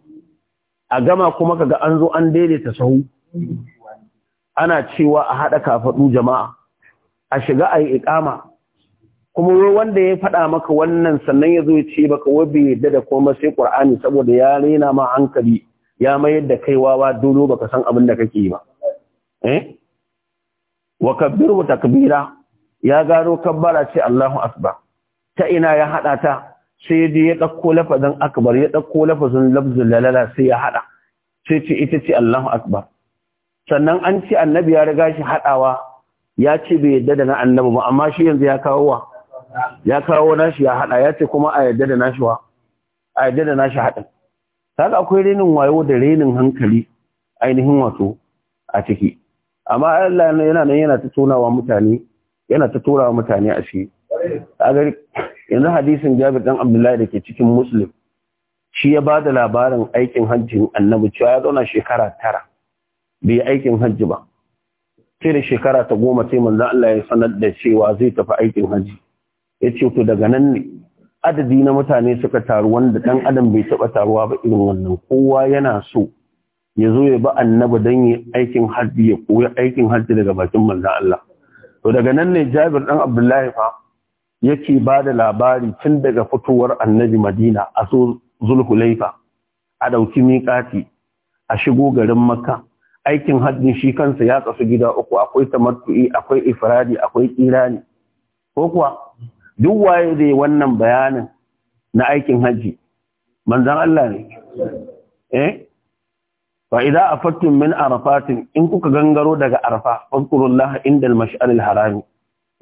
A: a gama kuma kaga an zo an daidaita sahu ana cewa a hada kafadu jama'a a shiga ayi iqama kuma wanda ya faɗa maka wannan sannan ya zo ya ce baka wai bai yadda da komai sai Qur'ani saboda ya rena ma hankali ya mayar da kai wawa dolo baka san abin da kake yi ba eh wa kabbiru takbira ya gano kabbara ce Allahu akbar ta ina ya hada ta sai dai ya dauko lafazin akbar ya dauko lafazin lafzul lalala sai ya hada sai ce ita ce Allahu akbar sannan an ce annabi ya riga shi hadawa ya ce bai yadda da na annabi ba amma shi yanzu ya kawo wa ya kawo nashi ya hada ya ce kuma a yadda da nashi wa a yadda da nashi hada kaga akwai renin wayo da renin hankali ainihin wato a ciki amma Allah yana nan yana ta tonawa mutane yana ta wa mutane a shi kaga yanzu hadisin Jabir dan Abdullahi dake cikin Muslim shi ya bada labarin aikin hajji, Annabi cewa ya zauna shekara tara bai aikin hajji ba sai da shekara ta goma sai manzo Allah ya sanar da cewa zai tafi aikin hajji ya ce to daga nan ne adadi na mutane suka taru wanda ɗan adam bai taɓa taruwa ba irin wannan kowa yana so ya zo ya ba annabi dan yi aikin hajji ya koya aikin hajji daga bakin Maza Allah to daga nan ne Jabir dan Abdullahi fa yake ba da labari tun daga fitowar annabi Madina a so Zulhulaifa a ɗauki miƙati a shigo garin Makka aikin hajjin shi kansa ya kasu gida uku akwai tamattu'i akwai ifradi akwai kirani ko kuwa duk waye zai wannan bayanin na aikin haji? manzan Allah ne eh fa idza afattum min arafatin in kuka gangaro daga arfa, fadkurullah inda al-mash'ar al-harami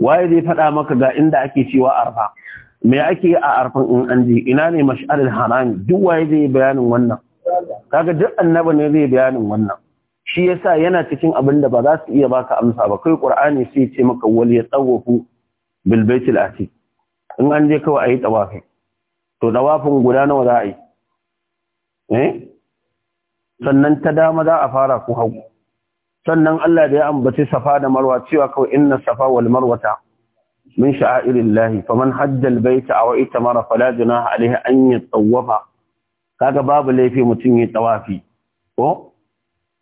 A: waye zai faɗa maka ga inda ake cewa arfa me ake a arfan in an ji ina ne mash'aril harami duk waye zai bayanin wannan kaga duk annaba ne zai bayanin wannan shi yasa yana cikin abin da ba za su iya baka amsa ba kai qur'ani sai ce maka wal yatawafu bil baitil atiq in an je kawai a yi to tsawafin guda nawa za a yi eh? sannan ta dama za a fara ku hagu sannan Allah da ya ambaci safa da marwa cewa kawai inna safa wal marwata min sha'airillahi faman hajja albayta aw mara fala junaha alayhi an yatawafa kaga babu laifi mutum yi tsawafi? ko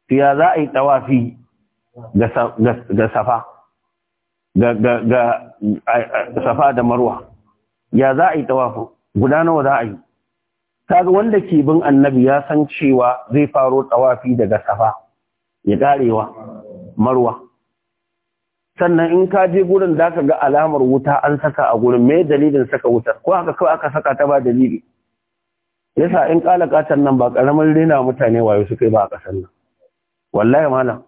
A: fiya za a yi tsawafi ga safa ga safa da marwa ya za a yi tawafu guda nawa za a yi kaga wanda ke bin annabi ya san cewa zai faro tawafi daga safa ya karewa marwa sannan in ka je gurin da ka ga alamar wuta an saka a gurin me dalilin saka wutar ko haka kawai aka saka ta ba dalili yasa in kala katan nan ba karamin rena mutane wayo suka yi ba a kasar nan wallahi malam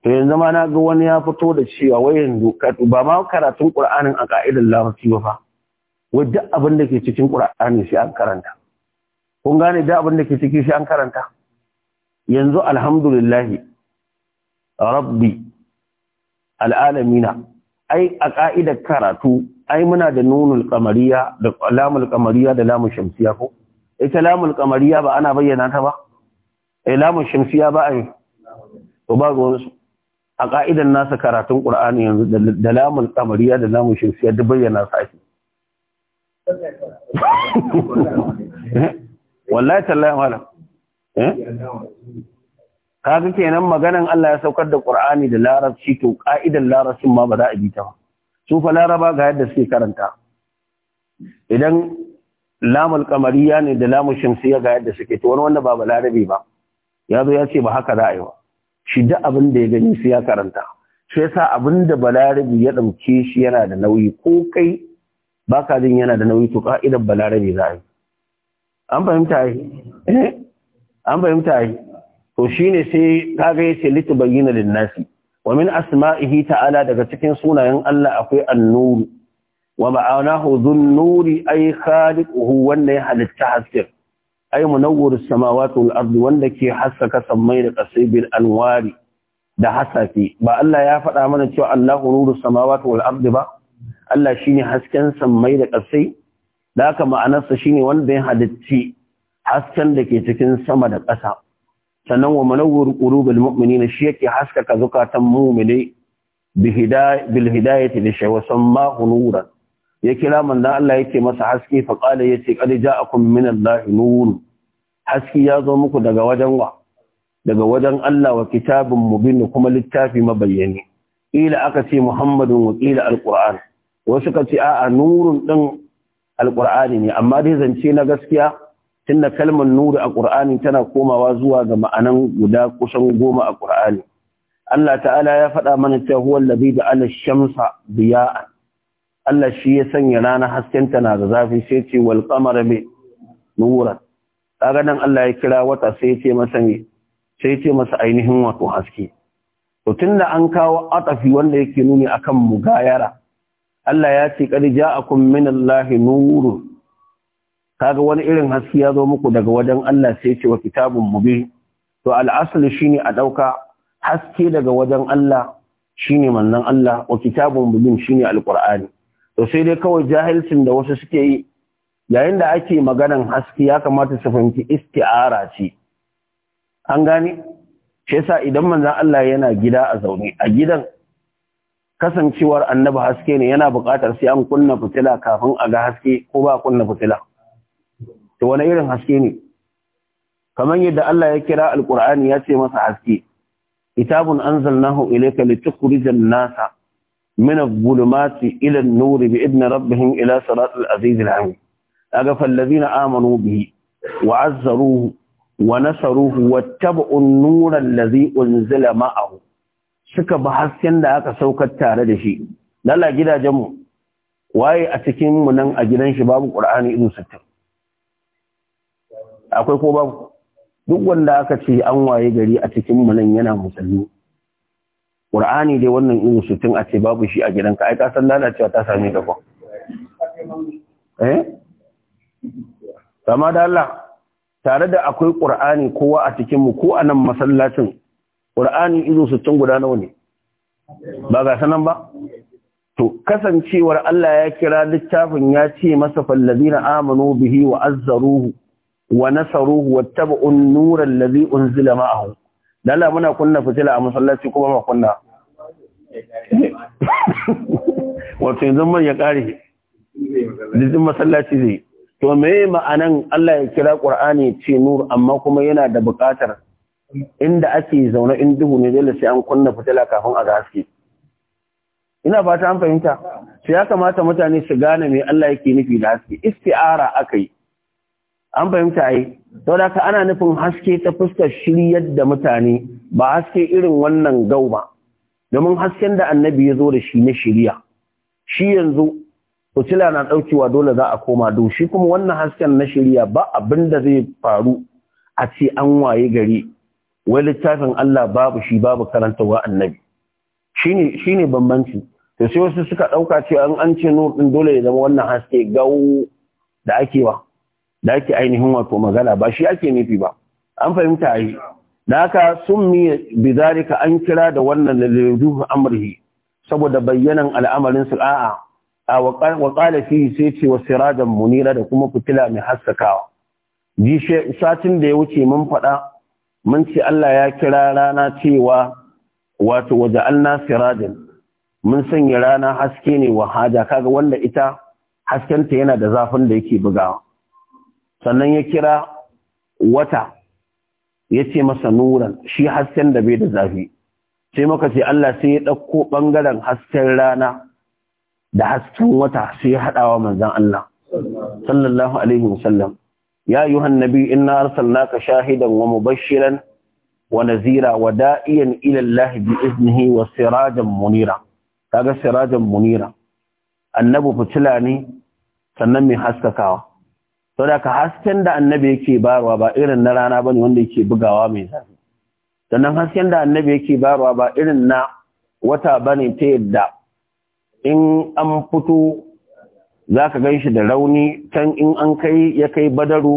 A: to yanzu ma na ga wani ya fito da cewa wai yanzu ba ma karatun qur'anin a ka'idar Laraci, ba fa wai duk abin da ke cikin ƙur'ani shi an karanta kun gane duk abin da ke ciki shi an karanta yanzu alhamdulillahi rabbi al'alamina ai a ƙa'idar karatu ai muna da nunul kamariya da lamul kamariya da lamun shamsiya ko ita lamul kamariya ba ana bayyana ta ba ai eh, lamun shamsiya ba ai to ba ga wasu a ƙa'idar nasa karatun qur'ani yanzu da lamul kamariya da lamun shamsiya duk bayyana su ake wallahi tallahi malam eh? Ka kaga kenan maganan Allah ya saukar da Qur'ani da Larabci to ka'idan Larabcin ma ba za a bi ta ba su fa Laraba ga yadda suke karanta idan lamul qamariya ne da lamul shamsiya ga yadda suke to wani wanda ba Larabi ba ya zo ya ce ba haka za a yi ba shi da abin da ya gani sai ya karanta shi yasa abin da balarabi ya dauke shi yana da nauyi ko kai ba ka jin yana da nauyi to ka'idar balarabe za a yi an fahimta yi eh, an fahimta yi to shine sai ta yace litubayyana bayyana nasi wa min asma'ihi ta'ala daga cikin sunayen Allah akwai an wa ma'anahu dhun-nuri ay khaliquhu wanda ya halitta hasken ay munawwirus samawati wal-ardi wanda ke haskaka samai da kasai bil anwari da hasafi ba Allah ya faɗa mana cewa Allahu nurus samawati wal-ardi ba Allah shine hasken sammai da ƙasai da haka ma'anarsa shine wanda ya halitti hasken da ke cikin sama da ƙasa sannan wa manawwar qulubul mu'minina shi yake haskaka zukatan mu'mini bil da shawasan ma nuran ya kira manzon Allah yake masa haske fa qala yace qad ja'akum min Allah nur haski ya zo muku daga wajen wa daga wajen Allah wa kitabun mubin kuma littafi mabayyani Ƙila aka ce Muhammadun wa ila alquran wasu ka ce a'a nurun ɗin alqur'ani ne amma dai zance na gaskiya tunda kalmar nuru a qur'ani tana komawa zuwa ga ma'anan guda kusan goma a ƙur'ani. Allah ta'ala ya faɗa mana cewa huwa allazi ja'ala ash-shamsa diya'an Allah shi ya sanya rana hasken ta na da zafi sai ce wal qamara bi nuran kaga nan Allah ya kira wata sai ce masa ne sai ce masa ainihin wato haske to tunda an kawo atafi wanda yake nuni akan mugayara Allah ya ce ja a kun min Allahi nuru, kaga wani irin haske ya zo muku daga wajen Allah sai ce wa kitabun mubin to al'asali shine a ɗauka haske daga wajen Allah shine mannan Allah wa kitabun shi ne al’ur'ani. to sai dai kawai jahilcin da wasu suke yi yayin da ake maganan haske ya kamata su fahimci isti'ara ce an gane shi yasa idan manzan Allah yana gida a zaune a gidan kasancewar annabi haske ne yana buƙatar sai an kunna fitila kafin a ga haske ko ba kunna fitila to wani irin haske ne kamar yadda Allah ya kira alqur'ani ya ce masa haske kitabun anzalnahu ilayka litukhrijan nasa min adh-dhulumati ila an-nuri bi rabbihim ila siratil azizil hamid aga fallazina amanu bihi wa azzaruhu wa nasaruhu wattabu'un nura allazi unzila ma'ahu suka ba hasken da aka saukar tare da shi lalla gidajenmu waye a cikin mu nan a gidan shi babu qur'ani irin sittin akwai ko babu duk wanda aka ce an waye gari a cikin mu nan yana musulmi qur'ani dai wannan irin sittin a ce babu shi a gidanka ai ka san lalacewa ta same ka ko eh sama da Allah tare da akwai qur'ani kowa a cikin mu ko a nan masallacin ƙur'ani izo sittin guda nawa ne ba ga sanan ba to kasancewar Allah ya kira littafin ya ce masa fallazina amanu bihi wa azzaruhu wa nasaruhu wattaba'u an-nura allazi unzila ma'ahu lalla muna kunna fitila a masallaci kuma ma kunna wato yanzu man ya kare jikin masallaci zai to me ma'anan Allah ya kira Qur'ani ce nur amma kuma yana da buƙatar inda ake zaune in duhu ne dole sai an kunna fitila kafin a ga haske ina fata an fahimta sai ya kamata mutane su gane me Allah yake nufi da haske isti'ara akai an fahimta ai da ka ana nufin haske ta fuskar shiryar da mutane ba haske irin wannan gau ba domin hasken da annabi ya zo da shi na shiriya shi yanzu fitila na daukewa dole za a koma do shi kuma wannan hasken na shiriya ba abin da zai faru a ce an waye gari wai littafin Allah babu shi babu karantawa annabi shine shine bambanci to sai wasu suka dauka cewa an an ce nur din dole ya zama wannan haske gawo. da ake wa da ake ainihin wato magana ba shi ake nufi ba an fahimta ai da haka summi bidarika an kira da wannan lillahi amrihi saboda bayyanan al'amarin su a'a a wa qala fi sai ce wa sirajan munira da kuma fitila mai haskakawa ji satin da ya wuce mun faɗa mun ce Allah ya kira rana cewa wato waje waja'alna siradin mun sanya rana haske ne wa haja kaga wanda ita haskenta yana da zafin da yake bugawa sannan ya kira wata ya ce masa nuran shi hasken da bai da zafi sai muka ce Allah sai ya ɗauko ɓangaren hasken rana da hasken wata sai ya haɗawa manzan Allah sallallahu alaihi wasallam ya yi wannan nabi ina arsalna ka shahidan wa mubashiran wa nazira wa da'iyan ila Allah bi iznihi wa sirajan munira kaga sirajan munira annabi fitila ne sannan mai haskakawa saboda hasken da annabi yake barwa ba irin na rana bane wanda yake bugawa mai zafi sannan hasken da annabi yake barwa ba irin na wata bane ta yadda in an fito za ka gan shi da rauni can in an kai ya kai badaru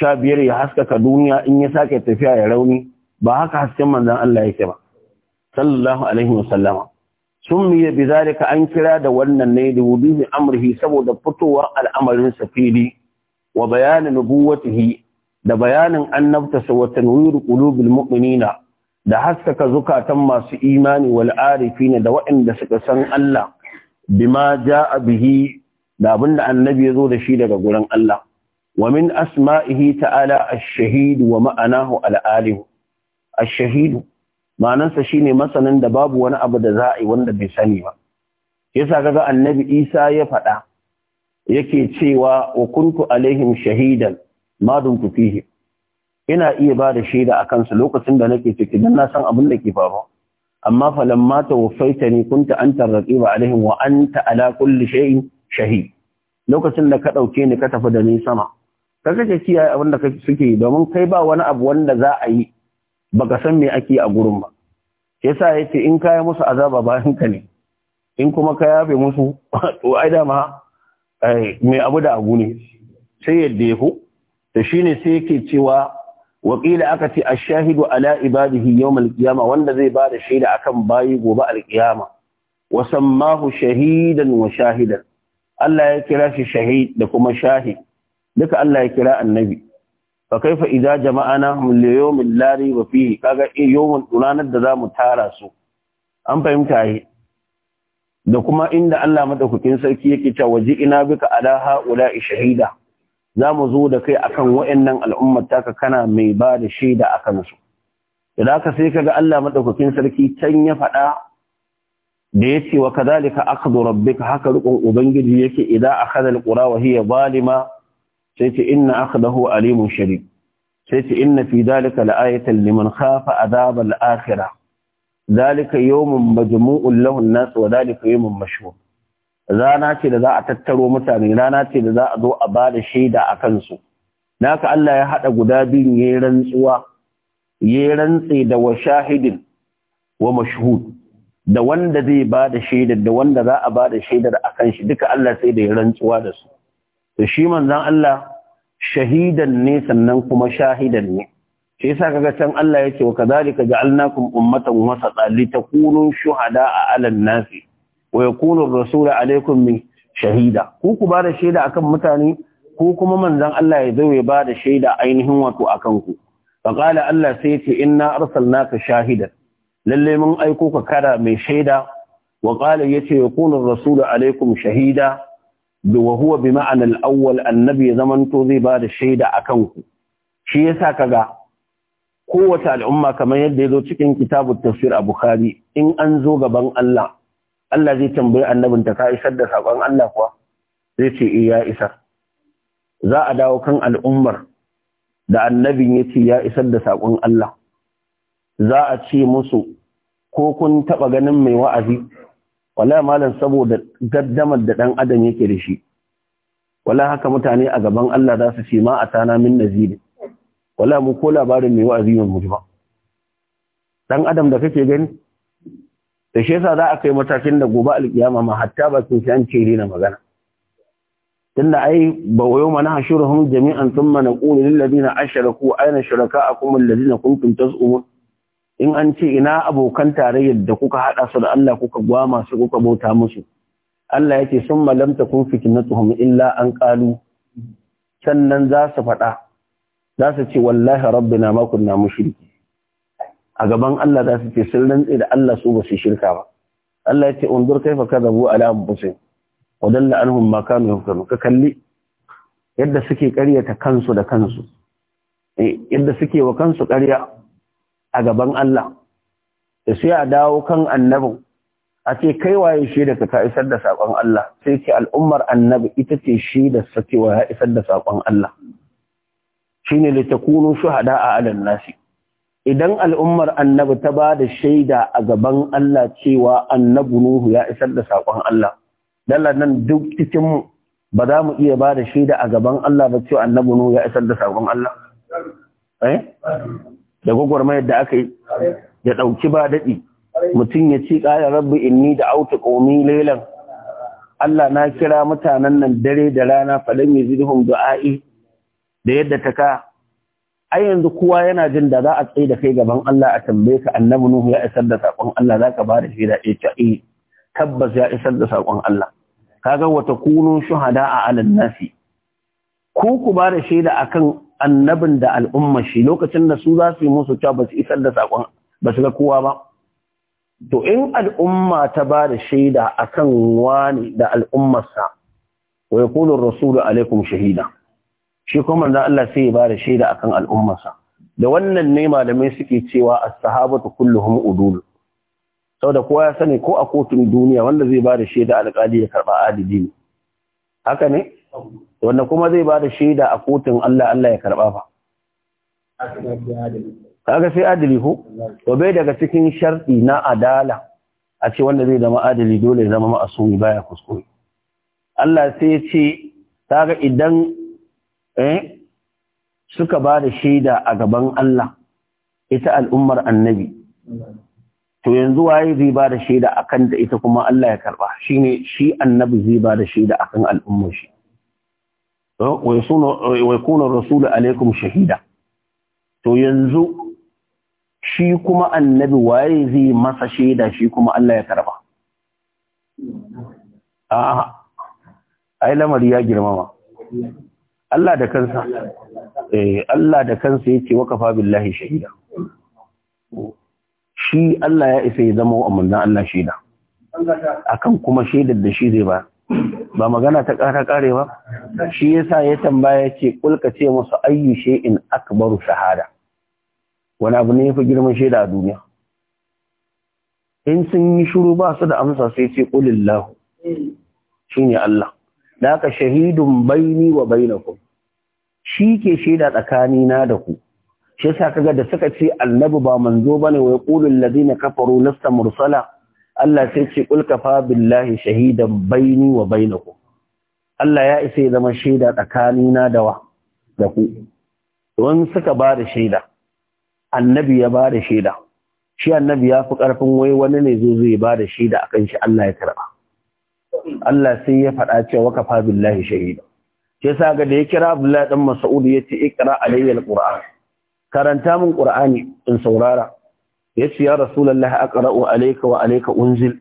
A: sha biyar ya haskaka duniya in ya sake tafiya ya rauni ba haka hasken manzan Allah yake ba sallallahu alaihi wasallama miye bi zalika an kira da wannan ne da wuduhi amrihi saboda fitowar al'amarin sa fili wa bayanin nubuwatihi da bayanin annabtasa wa tanwiru qulubil mu'minina da haskaka zukatan masu imani wal arifina da waɗanda suka san Allah bima a bihi da abin da annabi ya zo da shi daga gurin Allah wa min asma'ihi ta'ala ash-shahid wa ma'anahu al-alim ash-shahid ma'anarsa shine masanin da babu wani abu da za a yi wanda bai sani ba yasa kaga annabi Isa ya faɗa yake cewa wa kuntu alaihim shahidan ma dumtu fihi ina iya ba da shaida akan su lokacin da nake ciki dan na san abin da ke faruwa amma falamma tawaffaitani kunta anta raqiba alaihim wa anta ala kulli shay'in shahi lokacin da ka ɗauke ni ka tafi da ni sama ka kace kiyaye abin da suke domin kai ba wani abu wanda za a yi baka san me ake a gurin ba yasa ce in ka yi musu azaba bayan ka ne in kuma ka yafe musu to ai dama eh, mai abu da abu ne sai yadda ya da shi ne sai yake cewa wakila aka ce ashahidu shahidu ala ibadihi yawm al wanda zai ba da shaida akan bayi gobe al Wasan wa shahidan wa shahidan Allah ya kira shi shahid da kuma Shahi, duka Allah ya kira annabi fa kaifa idza jama'ana li yawmin la riba fihi kaga eh yawmin ranar da zamu tara su an fahimta yi da kuma inda Allah madaukakin sarki yake cewa waji ina bika ala haula shahida zamu zo da kai akan wayannan al'umma taka kana mai ba da shaida akan su idan ka sai kaga Allah madaukakin sarki can ya faɗa da ya ce wa kadhalika akhdhu rabbika haka rukun ubangiji yake idan akhadha alqura wa hiya zalima sai ce aka dahu alimun shadid sai ce inna fi dhalika la'ayatan liman khafa adhab al-akhirah dhalika yawmun majmu'un lahu nas wa dhalika yawmun mashhur rana ce da za a tattaro mutane rana ce da za a zo a ba da shaida a kansu naka Allah ya hada guda biyun yayin rantsuwa yayin rantsi da wa shahidin wa mashhud da wanda zai ba da shaidar da wanda za a ba da shaidar a kan shi duka Allah sai da ya rantsuwa da su to shi manzon Allah shahidan ne sannan kuma shahidan ne shi yasa kaga can Allah yake wa kadhalika ja'alnakum ummatan wasata shuhada a 'alan nasi wa yakunu ar-rasulu 'alaykum shahida ku ku ba da shaida akan mutane ko kuma manzon Allah ya zo ya ba da shaida ainihin wato akan ku faqala Allah sai ya ce inna arsalnaka shahidan lalle mun aiko ka kada mai shaida wa qala yace yakunu rasulu alaikum shahida bi wa huwa bi ma'ana al-awwal annabi zamanto zai ba da shaida akan ku shi yasa kaga kowace al'umma kamar yadda ya zo cikin kitabun tafsir a Bukhari in an zo gaban Allah, Allah zai tambayi annabinta ka isar da sakon Allah kuwa zai ce eh, ya isa. Za a dawo kan al'ummar da annabin ya ce ya isar da sakon Allah. za a ce musu ko kun taɓa ganin mai wa'azi wala malam saboda gaddamar da ɗan adam yake da shi wala haka mutane a gaban Allah za su ce ma a tana min nazili wala mu ko labarin mai wa'azi mai mujma dan adam da kake gani da shi yasa za a kai matakin da gobe alkiyama ma hatta ba sun san ce na magana tunda ai ba wayo mana hashuruhum jami'an thumma naqulu lil ladina asharaku ayna shurakaakum alladhina kuntum taz'umun in an ce ina abokan tarayyar da kuka haɗa su da Allah kuka gwama su kuka bauta musu Allah yake sun malamta kun fitinatuhum illa an qalu sannan za su faɗa za su ce wallahi rabbina ma kunna mushriki a gaban Allah za su ce sun rantsi da Allah su ba su shirka ba Allah yake undur kaifa kadabu ala anfusihim wa dalla anhum ma kanu yafkanu ka kalli yadda suke ƙaryata kansu da kansu eh, yadda suke wa kansu ƙarya a gaban Allah da sai a dawo kan annabin a ce kai waye shi da ka isar da sakon Allah sai ce al'ummar annabi ita ce shi da ya isar da sakon Allah Shi shine li shi shuhada a alin nasi idan al'ummar annabi ta ba da shaida a gaban Allah cewa annabu Nuhu ya isar da saƙon Allah, dala nan duk cikinmu ba za mu iya ba da shaida a gaban Allah ba cewa annabu Nuhu ya isar da saƙon Allah? Eh? da gwagwarmayar da aka yi ya ɗauki ba daɗi mutum ya ci ƙayar rabbi inni da auta ƙomi lailan Allah na kira mutanen nan dare da rana falon ya zidhum du'a'i da yadda ta ka ai yanzu kowa yana jin da za a tsaye da kai gaban Allah a tambaye ka annabi Nuhu ya isar da saƙon Allah za ba da shaida ɗaya ta eh tabbas ya isar da saƙon Allah kaga wata kunun shuhada a alannasi ku ku ba da shaida akan annabin da al'umma shi lokacin da su za su yi musu cewa ba su isar da saƙon ba su ga kowa ba to in al'umma ta ba da shaida akan wani da al'ummarsa wa yakunu ar-rasulu alaikum shahida shi kuma manzon Allah sai ya ba da shaida akan al'ummarsa da wannan ne malamai suke cewa ta sahabatu kulluhum udul saboda kowa ya sani ko a kotun duniya wanda zai ba da shaida alƙali ya karɓa adadi ne haka ne wanda kuma zai ba da shaida a kotun Allah Allah ya karba fa kaga sai adali ko to daga cikin sharti na adala a ce wanda zai zama adali dole ya zama ma'asumi baya kuskure Allah sai ya ce kaga idan eh suka ba da shaida a gaban Allah ita al'ummar annabi to yanzu waye zai ba da shaida akan da ita kuma Allah ya karba shine shi annabi zai ba da shaida akan al'ummar shi wa yakuna rasulu alaikum shahida to yanzu shi kuma annabi waye zai masa shaida shi kuma Allah ya karba a ai lamari ya girmama
B: Allah da kansa
A: eh Allah da kansa yake wakafa billahi shahida shi Allah ya isa ya zama wa manzon Allah shaida akan kuma shaidar da shi zai ba ba magana ta ƙara ƙare ba shi yasa ya tambaya ce kulka ce musu ayyu shay'in akbaru shahada wani abu ne yafi girman shaida a duniya in sun yi shiru ba su da amsa sai ce qulillahu shine Allah da haka shahidun baini wa bainakum shi ke shaida tsakani na da ku shi yasa kaga da suka ce annabi ba manzo ba ne bane wa yaqulul ladina kafaru lasta mursala Allah sai ce kulkafa billahi shahidan baini wa bainaku' Allah ya isa ya zama shaida tsakanina da wa da ku don suka ba da shaida annabi ya ba da shaida shi annabi ya fi karfin wai wani ne zo zai ba da shaida a shi Allah ya karba Allah sai ya faɗa cewa kafa billahi shahida sai sa ga da ya kira Abdullahi dan Mas'ud yace ikra alayya alquran karanta min qur'ani in saurara ya ce ya rasulallah aqra'u alaika wa alaika unzil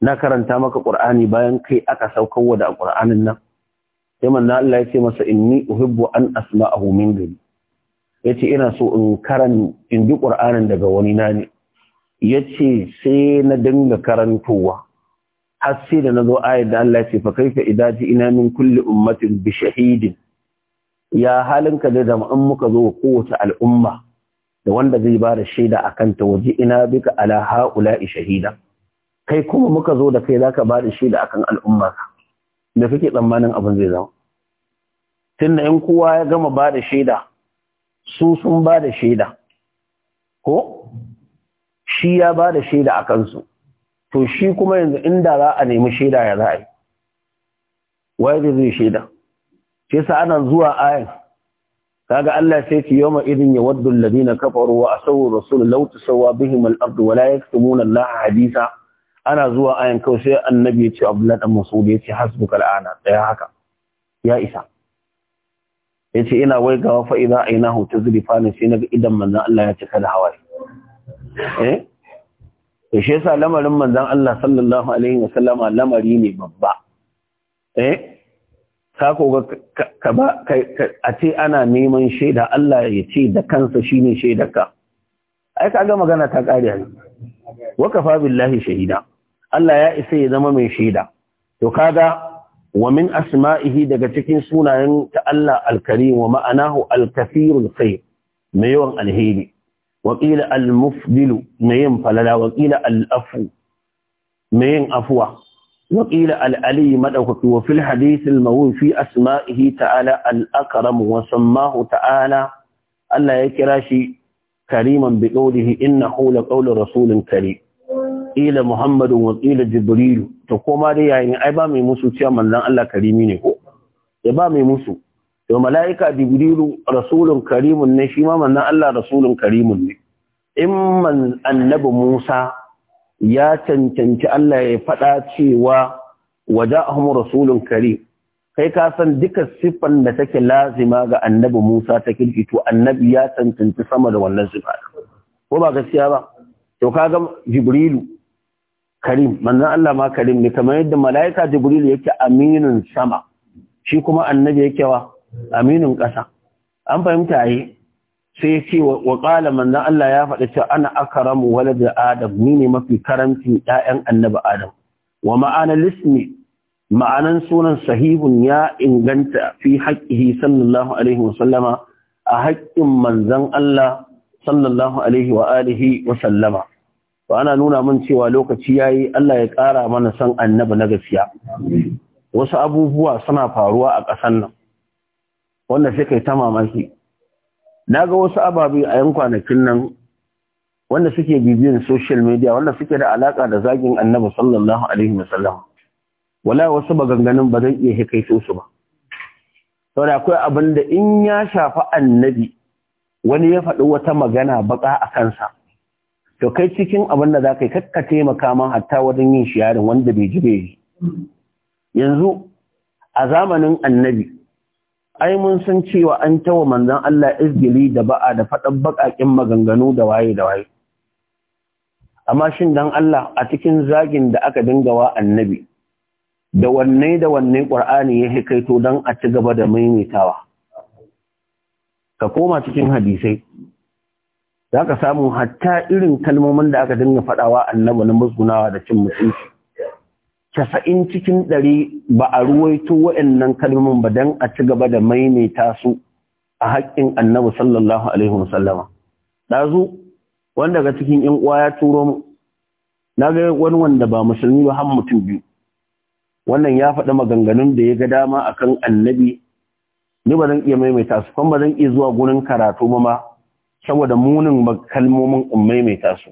A: na karanta maka ƙur'ani bayan kai aka saukar wa da ƙur'anin nan sai manzo Allah ya ce masa inni uhibbu an asma'ahu min gari yace ina so in karan in bi ƙur'anin daga wani na ne yace sai na dinga karantowa har sai da zo ayat da Allah ya ce fa kaifa idza ina min kulli ummatin bi shahidin ya halinka da jama'an muka zo kowace al'umma da wanda zai bada shaida a kanta waje ina bika ala ha'ula shahida kai kuma muka zo da kai zaka ba da shaida akan al'umma da kake tsammanin abin zai zama tunda in kowa ya gama ba da shaida su sun ba shaida ko shi ya bada shaida a kansu to shi kuma yanzu inda za a nemi shaida ya za a yi waye zai shaida shi sa ana zuwa ayan kaga Allah sai ce yawma idin yawaddu alladhina kafaru wa asaw rasul law tusawa bihim al-ardu wa la yaktumuna Allah hadisa ana zuwa ayan kawai sai annabi ya ce Abdullah dan Mas'ud ya ce hasbuka al'ana tsaya haka ya isa yace ina wai ga fa idza ainahu tazrifani sai naga idan manzon Allah ya cika da hawaye eh shi yasa lamarin manzon Allah sallallahu alaihi wasallama lamari ne babba eh ka koga ka ba a ce ana neman shaida Allah ya ce da kansa shine shaidarka ai ga magana ta kare ne wakafa billahi shahida Allah ya isa ya zama mai shaida to kaga wa min asma'ihi daga cikin sunayen ta Allah al-karim wa ma'anahu al-kafirul khair mai yawan alheri wa qila al-mufdilu mai yin falala wa qila al-afu mai yin afuwa وقيل العلي مدوك وفي الحديث الموي في أسمائه تعالى الأكرم وسماه تعالى الله يكراشي كريما بقوله إنه لقول رسول كريم قيل محمد وقيل جبريل تقوم علي يعني أي بامي موسو تياما لن الله كريميني هو يبامي موسو وملائكة جبريل رسول كريم نشيما من الله رسول كريم إما النبي موسى ya cancanci Allah ya faɗa cewa waje waja'ahum rasulun kare kai ka san duka siffan da take lazima ga annabi Musa ta kirki to annabi ya cancanci sama da wannan siffa ko ba gaskiya ba to kaga Jibrilu Karim manzon Allah ma Karim ne kamar yadda mala'ika Jibrilu yake aminin sama shi kuma annabi yake wa aminin ƙasa an fahimta yi sai ya ce wa ƙala manzan Allah ya faɗi cewa ana akaramu wani da Adam ni ne mafi karancin ‘ya'yan annaba Adam. Wa ma'ana lismi ma'anan sunan sahihun ya inganta fi haƙƙihi sallallahu alaihi wa sallama a haƙƙin manzan Allah sallallahu alaihi wa alihi wa sallama. To ana nuna min cewa lokaci ya yi Allah ya ƙara mana san annaba na gaskiya. Wasu abubuwa suna faruwa a ƙasar nan. Wanda sai kai ta mamaki. na ga wasu ababe a yan kwanakin nan wanda suke bibiyan social media wanda suke da alaka da zagin annabi sallallahu alaihi wasallam wala wasu maganganun ba zan iya hikaito su ba saboda akwai abin da in ya shafi annabi wani ya faɗi wata magana baka a kansa to kai cikin abin da za ka yi kakka taimaka man hatta wajen yin shiyarin wanda bai ji bai yanzu a zamanin annabi ai mun san cewa an tawa manzon Allah izgili da ba'a da faɗan baƙaƙin maganganu da waye da waye amma shin dan Allah a cikin zagin da aka dinga wa annabi da wanne da wanne Qur'ani ya hikaito dan a ci gaba da maimaitawa ka koma cikin hadisai za ka samu hatta irin kalmomin da aka dinga faɗawa annabi na musgunawa da cin mutunci tasa'in cikin ɗari ba a ruwaito waɗannan kalmomin ba don a ci gaba da maimaita su a haƙƙin annabi sallallahu alaihi wasallama ɗazu wani daga cikin ƴan uwa ya turo mu na ga wani wanda ba musulmi ba har mutum biyu wannan ya faɗi maganganun da ya ga dama akan annabi ni ba zan iya maimaita su kan ba zan iya zuwa gurin karatu ma ma saboda munin kalmomin in maimaita su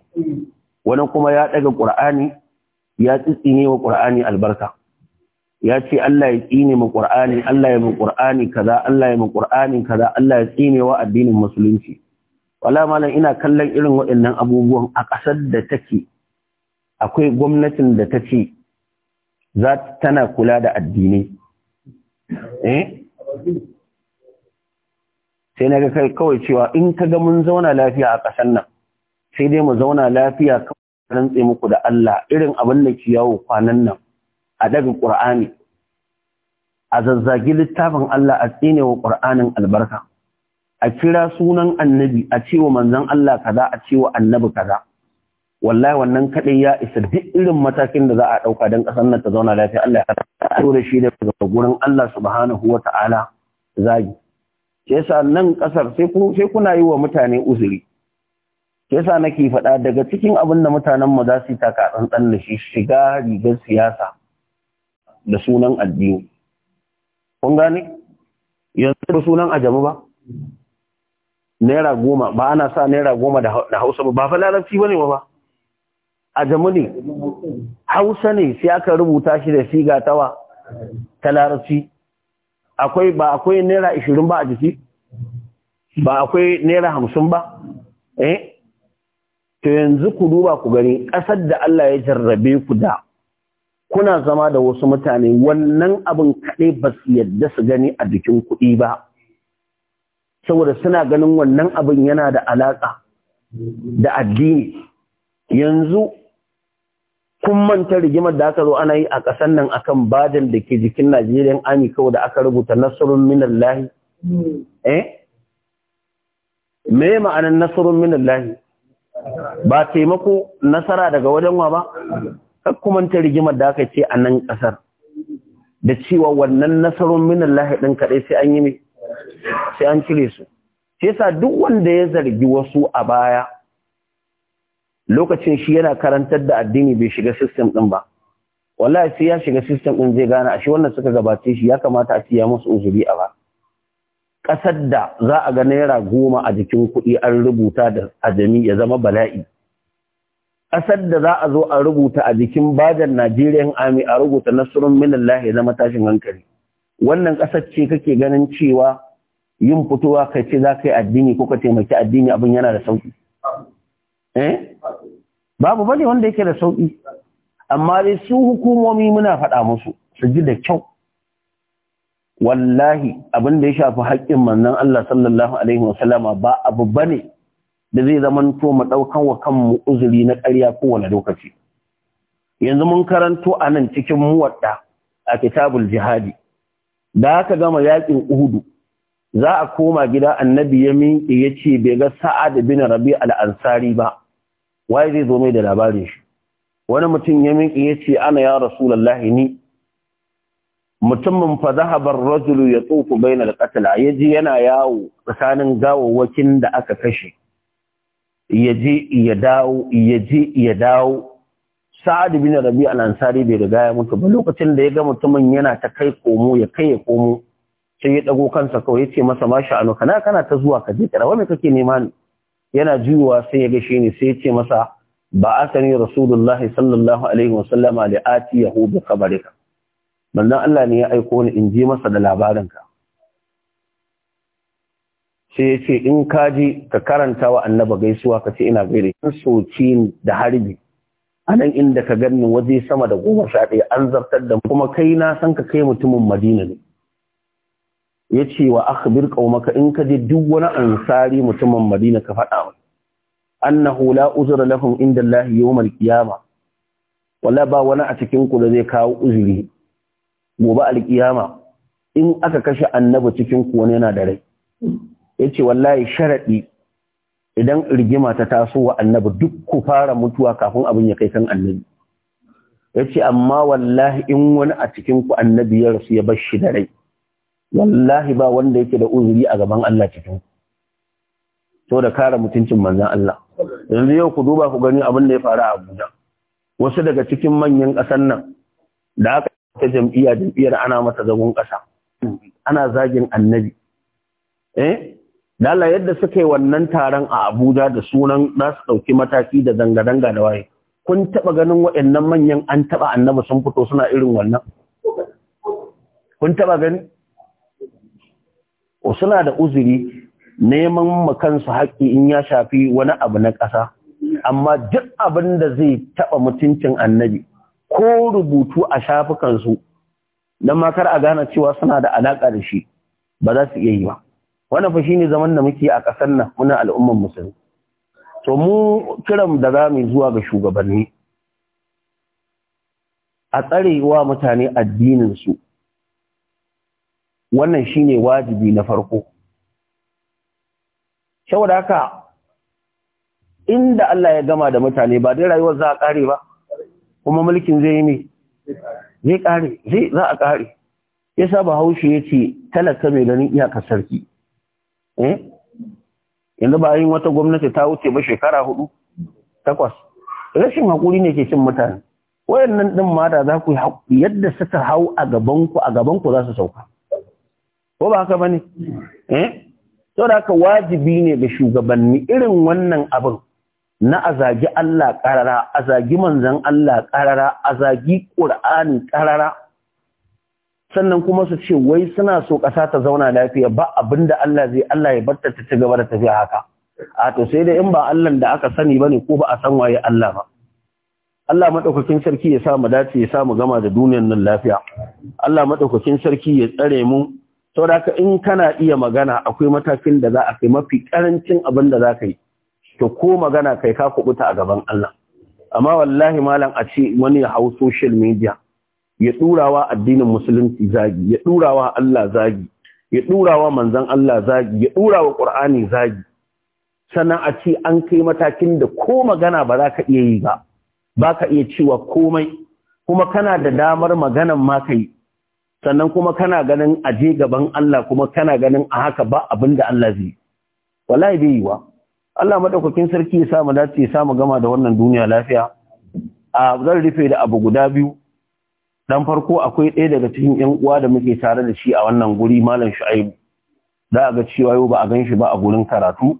A: wani kuma ya ɗaga ƙur'ani ya tsitsine wa ƙwar'ani albarka ya ce Allah ya tsine mu ƙwar'ani Allah ya mu qur'ani kaza Allah ya mu qur'ani kaza Allah ya tsine wa addinin musulunci wala malam ina kallon irin waɗannan abubuwan a ƙasar da take akwai gwamnatin da ta ce za tana kula da addinai eh? sai na ga kai kawai cewa in ka ga mun zauna lafiya a ƙasar nan sai dai mu zauna lafiya rantse muku da Allah irin abin da ke yawo kwanan nan a daga ƙur'ani, a zazzagi littafin Allah a tsine wa ƙur'anin albarka a kira sunan annabi a cewa manzan Allah kaza a cewa annabi kaza wallahi wannan kadai ya isa duk irin matakin da za a ɗauka don ƙasar nan ta zauna lafiya Allah ya da shi daga gurin Allah subhanahu wata'ala zagi sai sa nan kasar sai kuna yi wa mutane uzuri yasa nake faɗa daga cikin abin da mutanen mu za su ta taka tsantsan da shi shiga rigar siyasa da sunan addini kun gane yanzu ba sunan ajamu ba naira goma ba ana sa naira goma da hausa ba ba fa larabci ba ne ba ajamu ne hausa ne sai aka rubuta shi da siga tawa ta larabci akwai ba akwai naira ishirin ba a jiki ba akwai naira hamsin ba eh to yanzu ku duba ku gani ƙasar da Allah ya jarrabe ku da kuna zama da wasu mutane wannan abin kaɗai ba su yadda su gani a jikin kuɗi ba saboda suna ganin wannan abin yana da alaƙa da addini yanzu kun manta rigimar da aka zo ana yi a ƙasar nan akan badan da ke jikin Najeriya ami kawai da aka rubuta nasrun minallahi hmm. eh me ma'anar nasrun minallahi ba taimako nasara daga wajen wa ba kuma ta rigimar da aka ce a nan kasar da cewa wannan nasarun minan lahadin kaɗai sai an yi mai, sai an cire su sai sa duk wanda ya zargi wasu a baya lokacin shi yana karantar da addini bai shiga sistem ɗin ba wallahi sai ya shiga system ɗin zai gane a shi wannan suka gabace shi ya kamata a ciya musu uzuri a ba ƙasar da za a ga naira goma a jikin kuɗi an rubuta da ajami ya zama bala'i ƙasar da za a zo a rubuta a jikin bajan najeriyan ami a rubuta nasrun minallah ya zama tashin hankali wannan ƙasar ce kake ganin cewa yin fitowa kai ce za ka yi addini ko ka taimaki addini abin yana da sauƙi eh babu bane wanda yake da sauƙi amma dai su hukumomi muna faɗa musu su ji da kyau wallahi abin da ya shafi haƙƙin manzon Allah sallallahu alaihi wasallama ba abu bane da zai zamanto mu ɗaukan wa kanmu uzuri na ƙarya kowane lokaci yanzu mun karanto a nan cikin muwadda a kitabul jihadi da aka gama yaƙin uhudu za a koma gida annabi ya minke ya ce bai ga sa'ad bin rabi al-ansari ba waye zai zo mai da labarin shi wani mutum ya minke ya ce ana ya rasulullahi ni mutumin fa zahabar rajulu ya tsofu bainar alƙatala ya ji yana yawo tsakanin gawawakin da aka kashe ya ji ya dawo ya ji ya dawo sa'ad bin rabi al-ansari bai riga ya mutu ba lokacin da ya ga mutumin yana ta kai komo ya kai ya komo sai ya dago kansa kawai ya ce masa masha anu kana kana ta zuwa ka je kira wani kake nema ni yana juyowa sai ya ga shi ne sai ya ce masa ba asani rasulullahi sallallahu alaihi wasallama li Ati: bi Kabarika. manzan Allah ne ya aiko ni in je masa da labarinka sai ya ce in ka ji ka karanta wa annaba gaisuwa ka ce ina gaire in soci ni da harbi a nan inda ka gani waje sama da goma sha ɗaya an zartar da kuma kai na san ka kai mutumin madina ne ya ce wa aka bir ƙaumaka in ka je duk wani ansari mutumin madina ka faɗa wa annahu hula uzura lafin inda Allah yawm mal kiyama wala ba wani a cikin ku da zai kawo uzuri gobe alkiyama in aka kashe annabi cikin ku wani yana da rai yace wallahi sharaɗi, idan rigima ta taso wa annabi duk ku fara mutuwa kafin abin ya kai kan annabi yace amma wallahi in wani a cikin ku annabi ya rasu ya bar shi da rai wallahi ba wanda yake da uzuri a gaban Allah cikin to da kare mutuncin manzan Allah yanzu yau ku duba ku gani abin da ya faru a Abuja wasu daga cikin manyan ƙasar nan da aka ta jam'iyya jam'iyyar ana mata zagon ƙasa ana zagin annabi eh lalla yadda suka yi wannan taron a Abuja da sunan za su ɗauki mataki da zanga-zanga da waye kun taɓa ganin waɗannan manyan an taɓa annabi sun fito suna irin wannan kun taɓa gani suna da uzuri neman makansu haƙƙi in ya shafi wani abu na ƙasa amma duk abin da zai taɓa mutuncin annabi ko rubutu a shafukansu don makar a gane cewa suna da alaƙa da shi ba za su iya yi ba wannan fa ne zaman da muke a ƙasar nan muna al'umman musulmi to mu kiran da za mu zuwa ga shugabanni a tsarewa mutane addinin su wannan shine wajibi na farko saboda haka inda Allah ya gama da mutane ba dai rayuwar za a ƙare ba kuma mulkin zai yi ne zai kare zai za a kare yasa bahaushe ya ce talaka mai ganin iyakar sarki eh yanzu ba yin wata gwamnati ta wuce ba shekara hudu takwas rashin hakuri ne ke cin mutane wayannan ɗin mata za ku yadda suka hau a gaban ku a gaban ku za su sauka ko ba haka bane eh da haka wajibi ne da shugabanni irin wannan abin na a zagi Allah ƙarara, a zagi manzan Allah ƙarara, a zagi ƙur'ani ƙarara, sannan kuma su ce wai suna so ƙasa ta zauna lafiya ba abin da Allah zai Allah ya barta ta ci gaba da tafiya haka. A to sai da in ba Allah da aka sani ba ne ko ba a san waye Allah ba. Allah maɗaukakin sarki ya sa mu dace ya sa mu gama da duniyar nan lafiya. Allah maɗaukakin sarki ya tsare mu. Saboda in kana iya magana akwai matakin da za a kai mafi ƙarancin abin da za ka yi. to ko magana kai ka kubuta a gaban Allah amma wallahi malam a ce wani ya hau social media ya durawa addinin musulunci zagi ya durawa Allah zagi ya durawa manzon Allah zagi ya durawa Qur'ani zagi sannan a ce an kai matakin da ko magana ba za ka iya yi ba ba ka iya cewa komai kuma kana da damar maganan ma kai sannan kuma kana ganin aje gaban Allah kuma kana ganin a haka ba abinda Allah zai wallahi bai yi wa Allah madaukakin sarki ya sa mu dace ya sa mu gama da wannan duniya lafiya a zan rufe da abu guda biyu dan farko akwai ɗaya daga cikin ƴan uwa da muke tare da shi a wannan guri malam Shu'aibu da ga cewa yau ba a ganshi ba a gurin karatu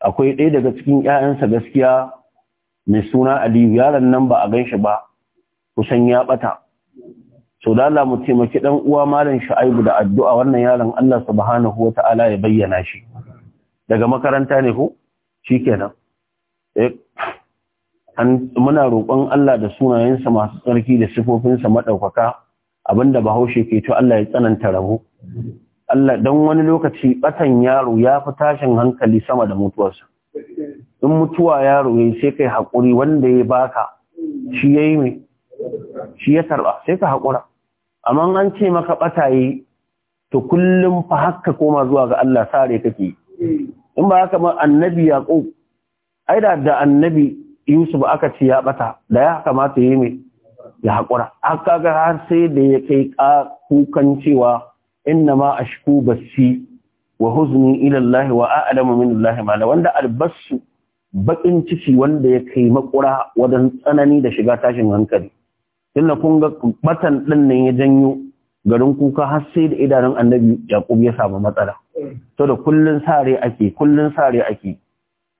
A: akwai ɗaya daga cikin ƴaƴansa gaskiya mai suna Aliyu yaron nan ba a ganshi ba kusan ya bata so da Allah mu taimaki dan uwa malam Shu'aibu da addu'a wannan yaron Allah subhanahu wata'ala ya bayyana shi daga makaranta ne ko shikenan eh, an muna roƙon Allah da sunayensa masu tsarki da sifofinsa maɗaukaka abinda bahaushe ke to Allah ya tsananta rabo Allah dan wani lokaci ɓatan yaro ya fi tashin hankali sama da mutuwarsa in mutuwa yaro yayi sai kai haƙuri, wanda ya baka shi yi mai shi ya tarba sai ka haƙura. amma an ce maka ɓata yi, to kullum fa haka koma zuwa ga Allah sare kake in ba haka ma annabi yaqub ai da da annabi yusuf aka ci ya ɓata? da ya kamata yi mai ya haƙura aka ga har sai da ya kai kukan cewa inna ma ashku basi wa huzni ilallahi Allah wa a'lamu min Allah ma wanda albasu bakin ciki wanda ya kai makura wajen tsanani da shiga tashin hankali tunda kun ga batan din nan ya janyo garin kuka har sai da idanun annabi yaƙub ya samu matsala to da kullun sare ake kullun sare ake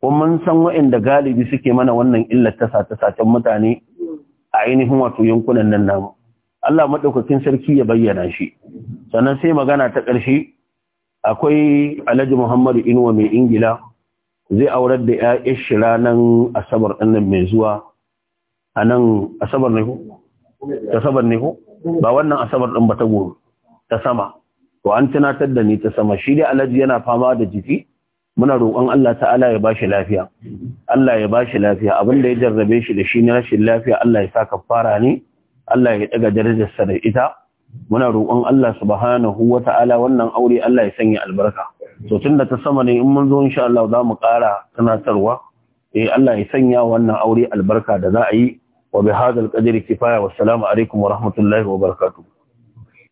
A: kuma mun san waɗanda galibi suke mana wannan illar ta sa satan mutane a ainihin wato yankunan nan namu Allah madaukakin sarki ya bayyana shi sannan sai magana ta ƙarshe akwai Alhaji Muhammadu Inuwa mai Ingila zai aurar da ‘ya'yan shi nan Asabar ɗannan mai zuwa a Asabar ne ko? Asabar ne ko? ba wannan asabar din ba ta ta sama to an tunatar da ni ta sama shi dai alhaji yana fama da jiki muna roƙon Allah ta'ala ya bashi lafiya Allah ya bashi lafiya abin da ya jarrabe shi da shi ne rashin lafiya Allah ya sa kafara ne Allah ya daga darajarsa da ita muna roƙon Allah subhanahu wata'ala wannan aure Allah ya sanya albarka to tunda ta sama ne in mun zo insha Allah za mu ƙara tunatarwa eh Allah ya sanya wannan aure albarka da za a yi وبهذا القدر كفاية والسلام عليكم ورحمة الله وبركاته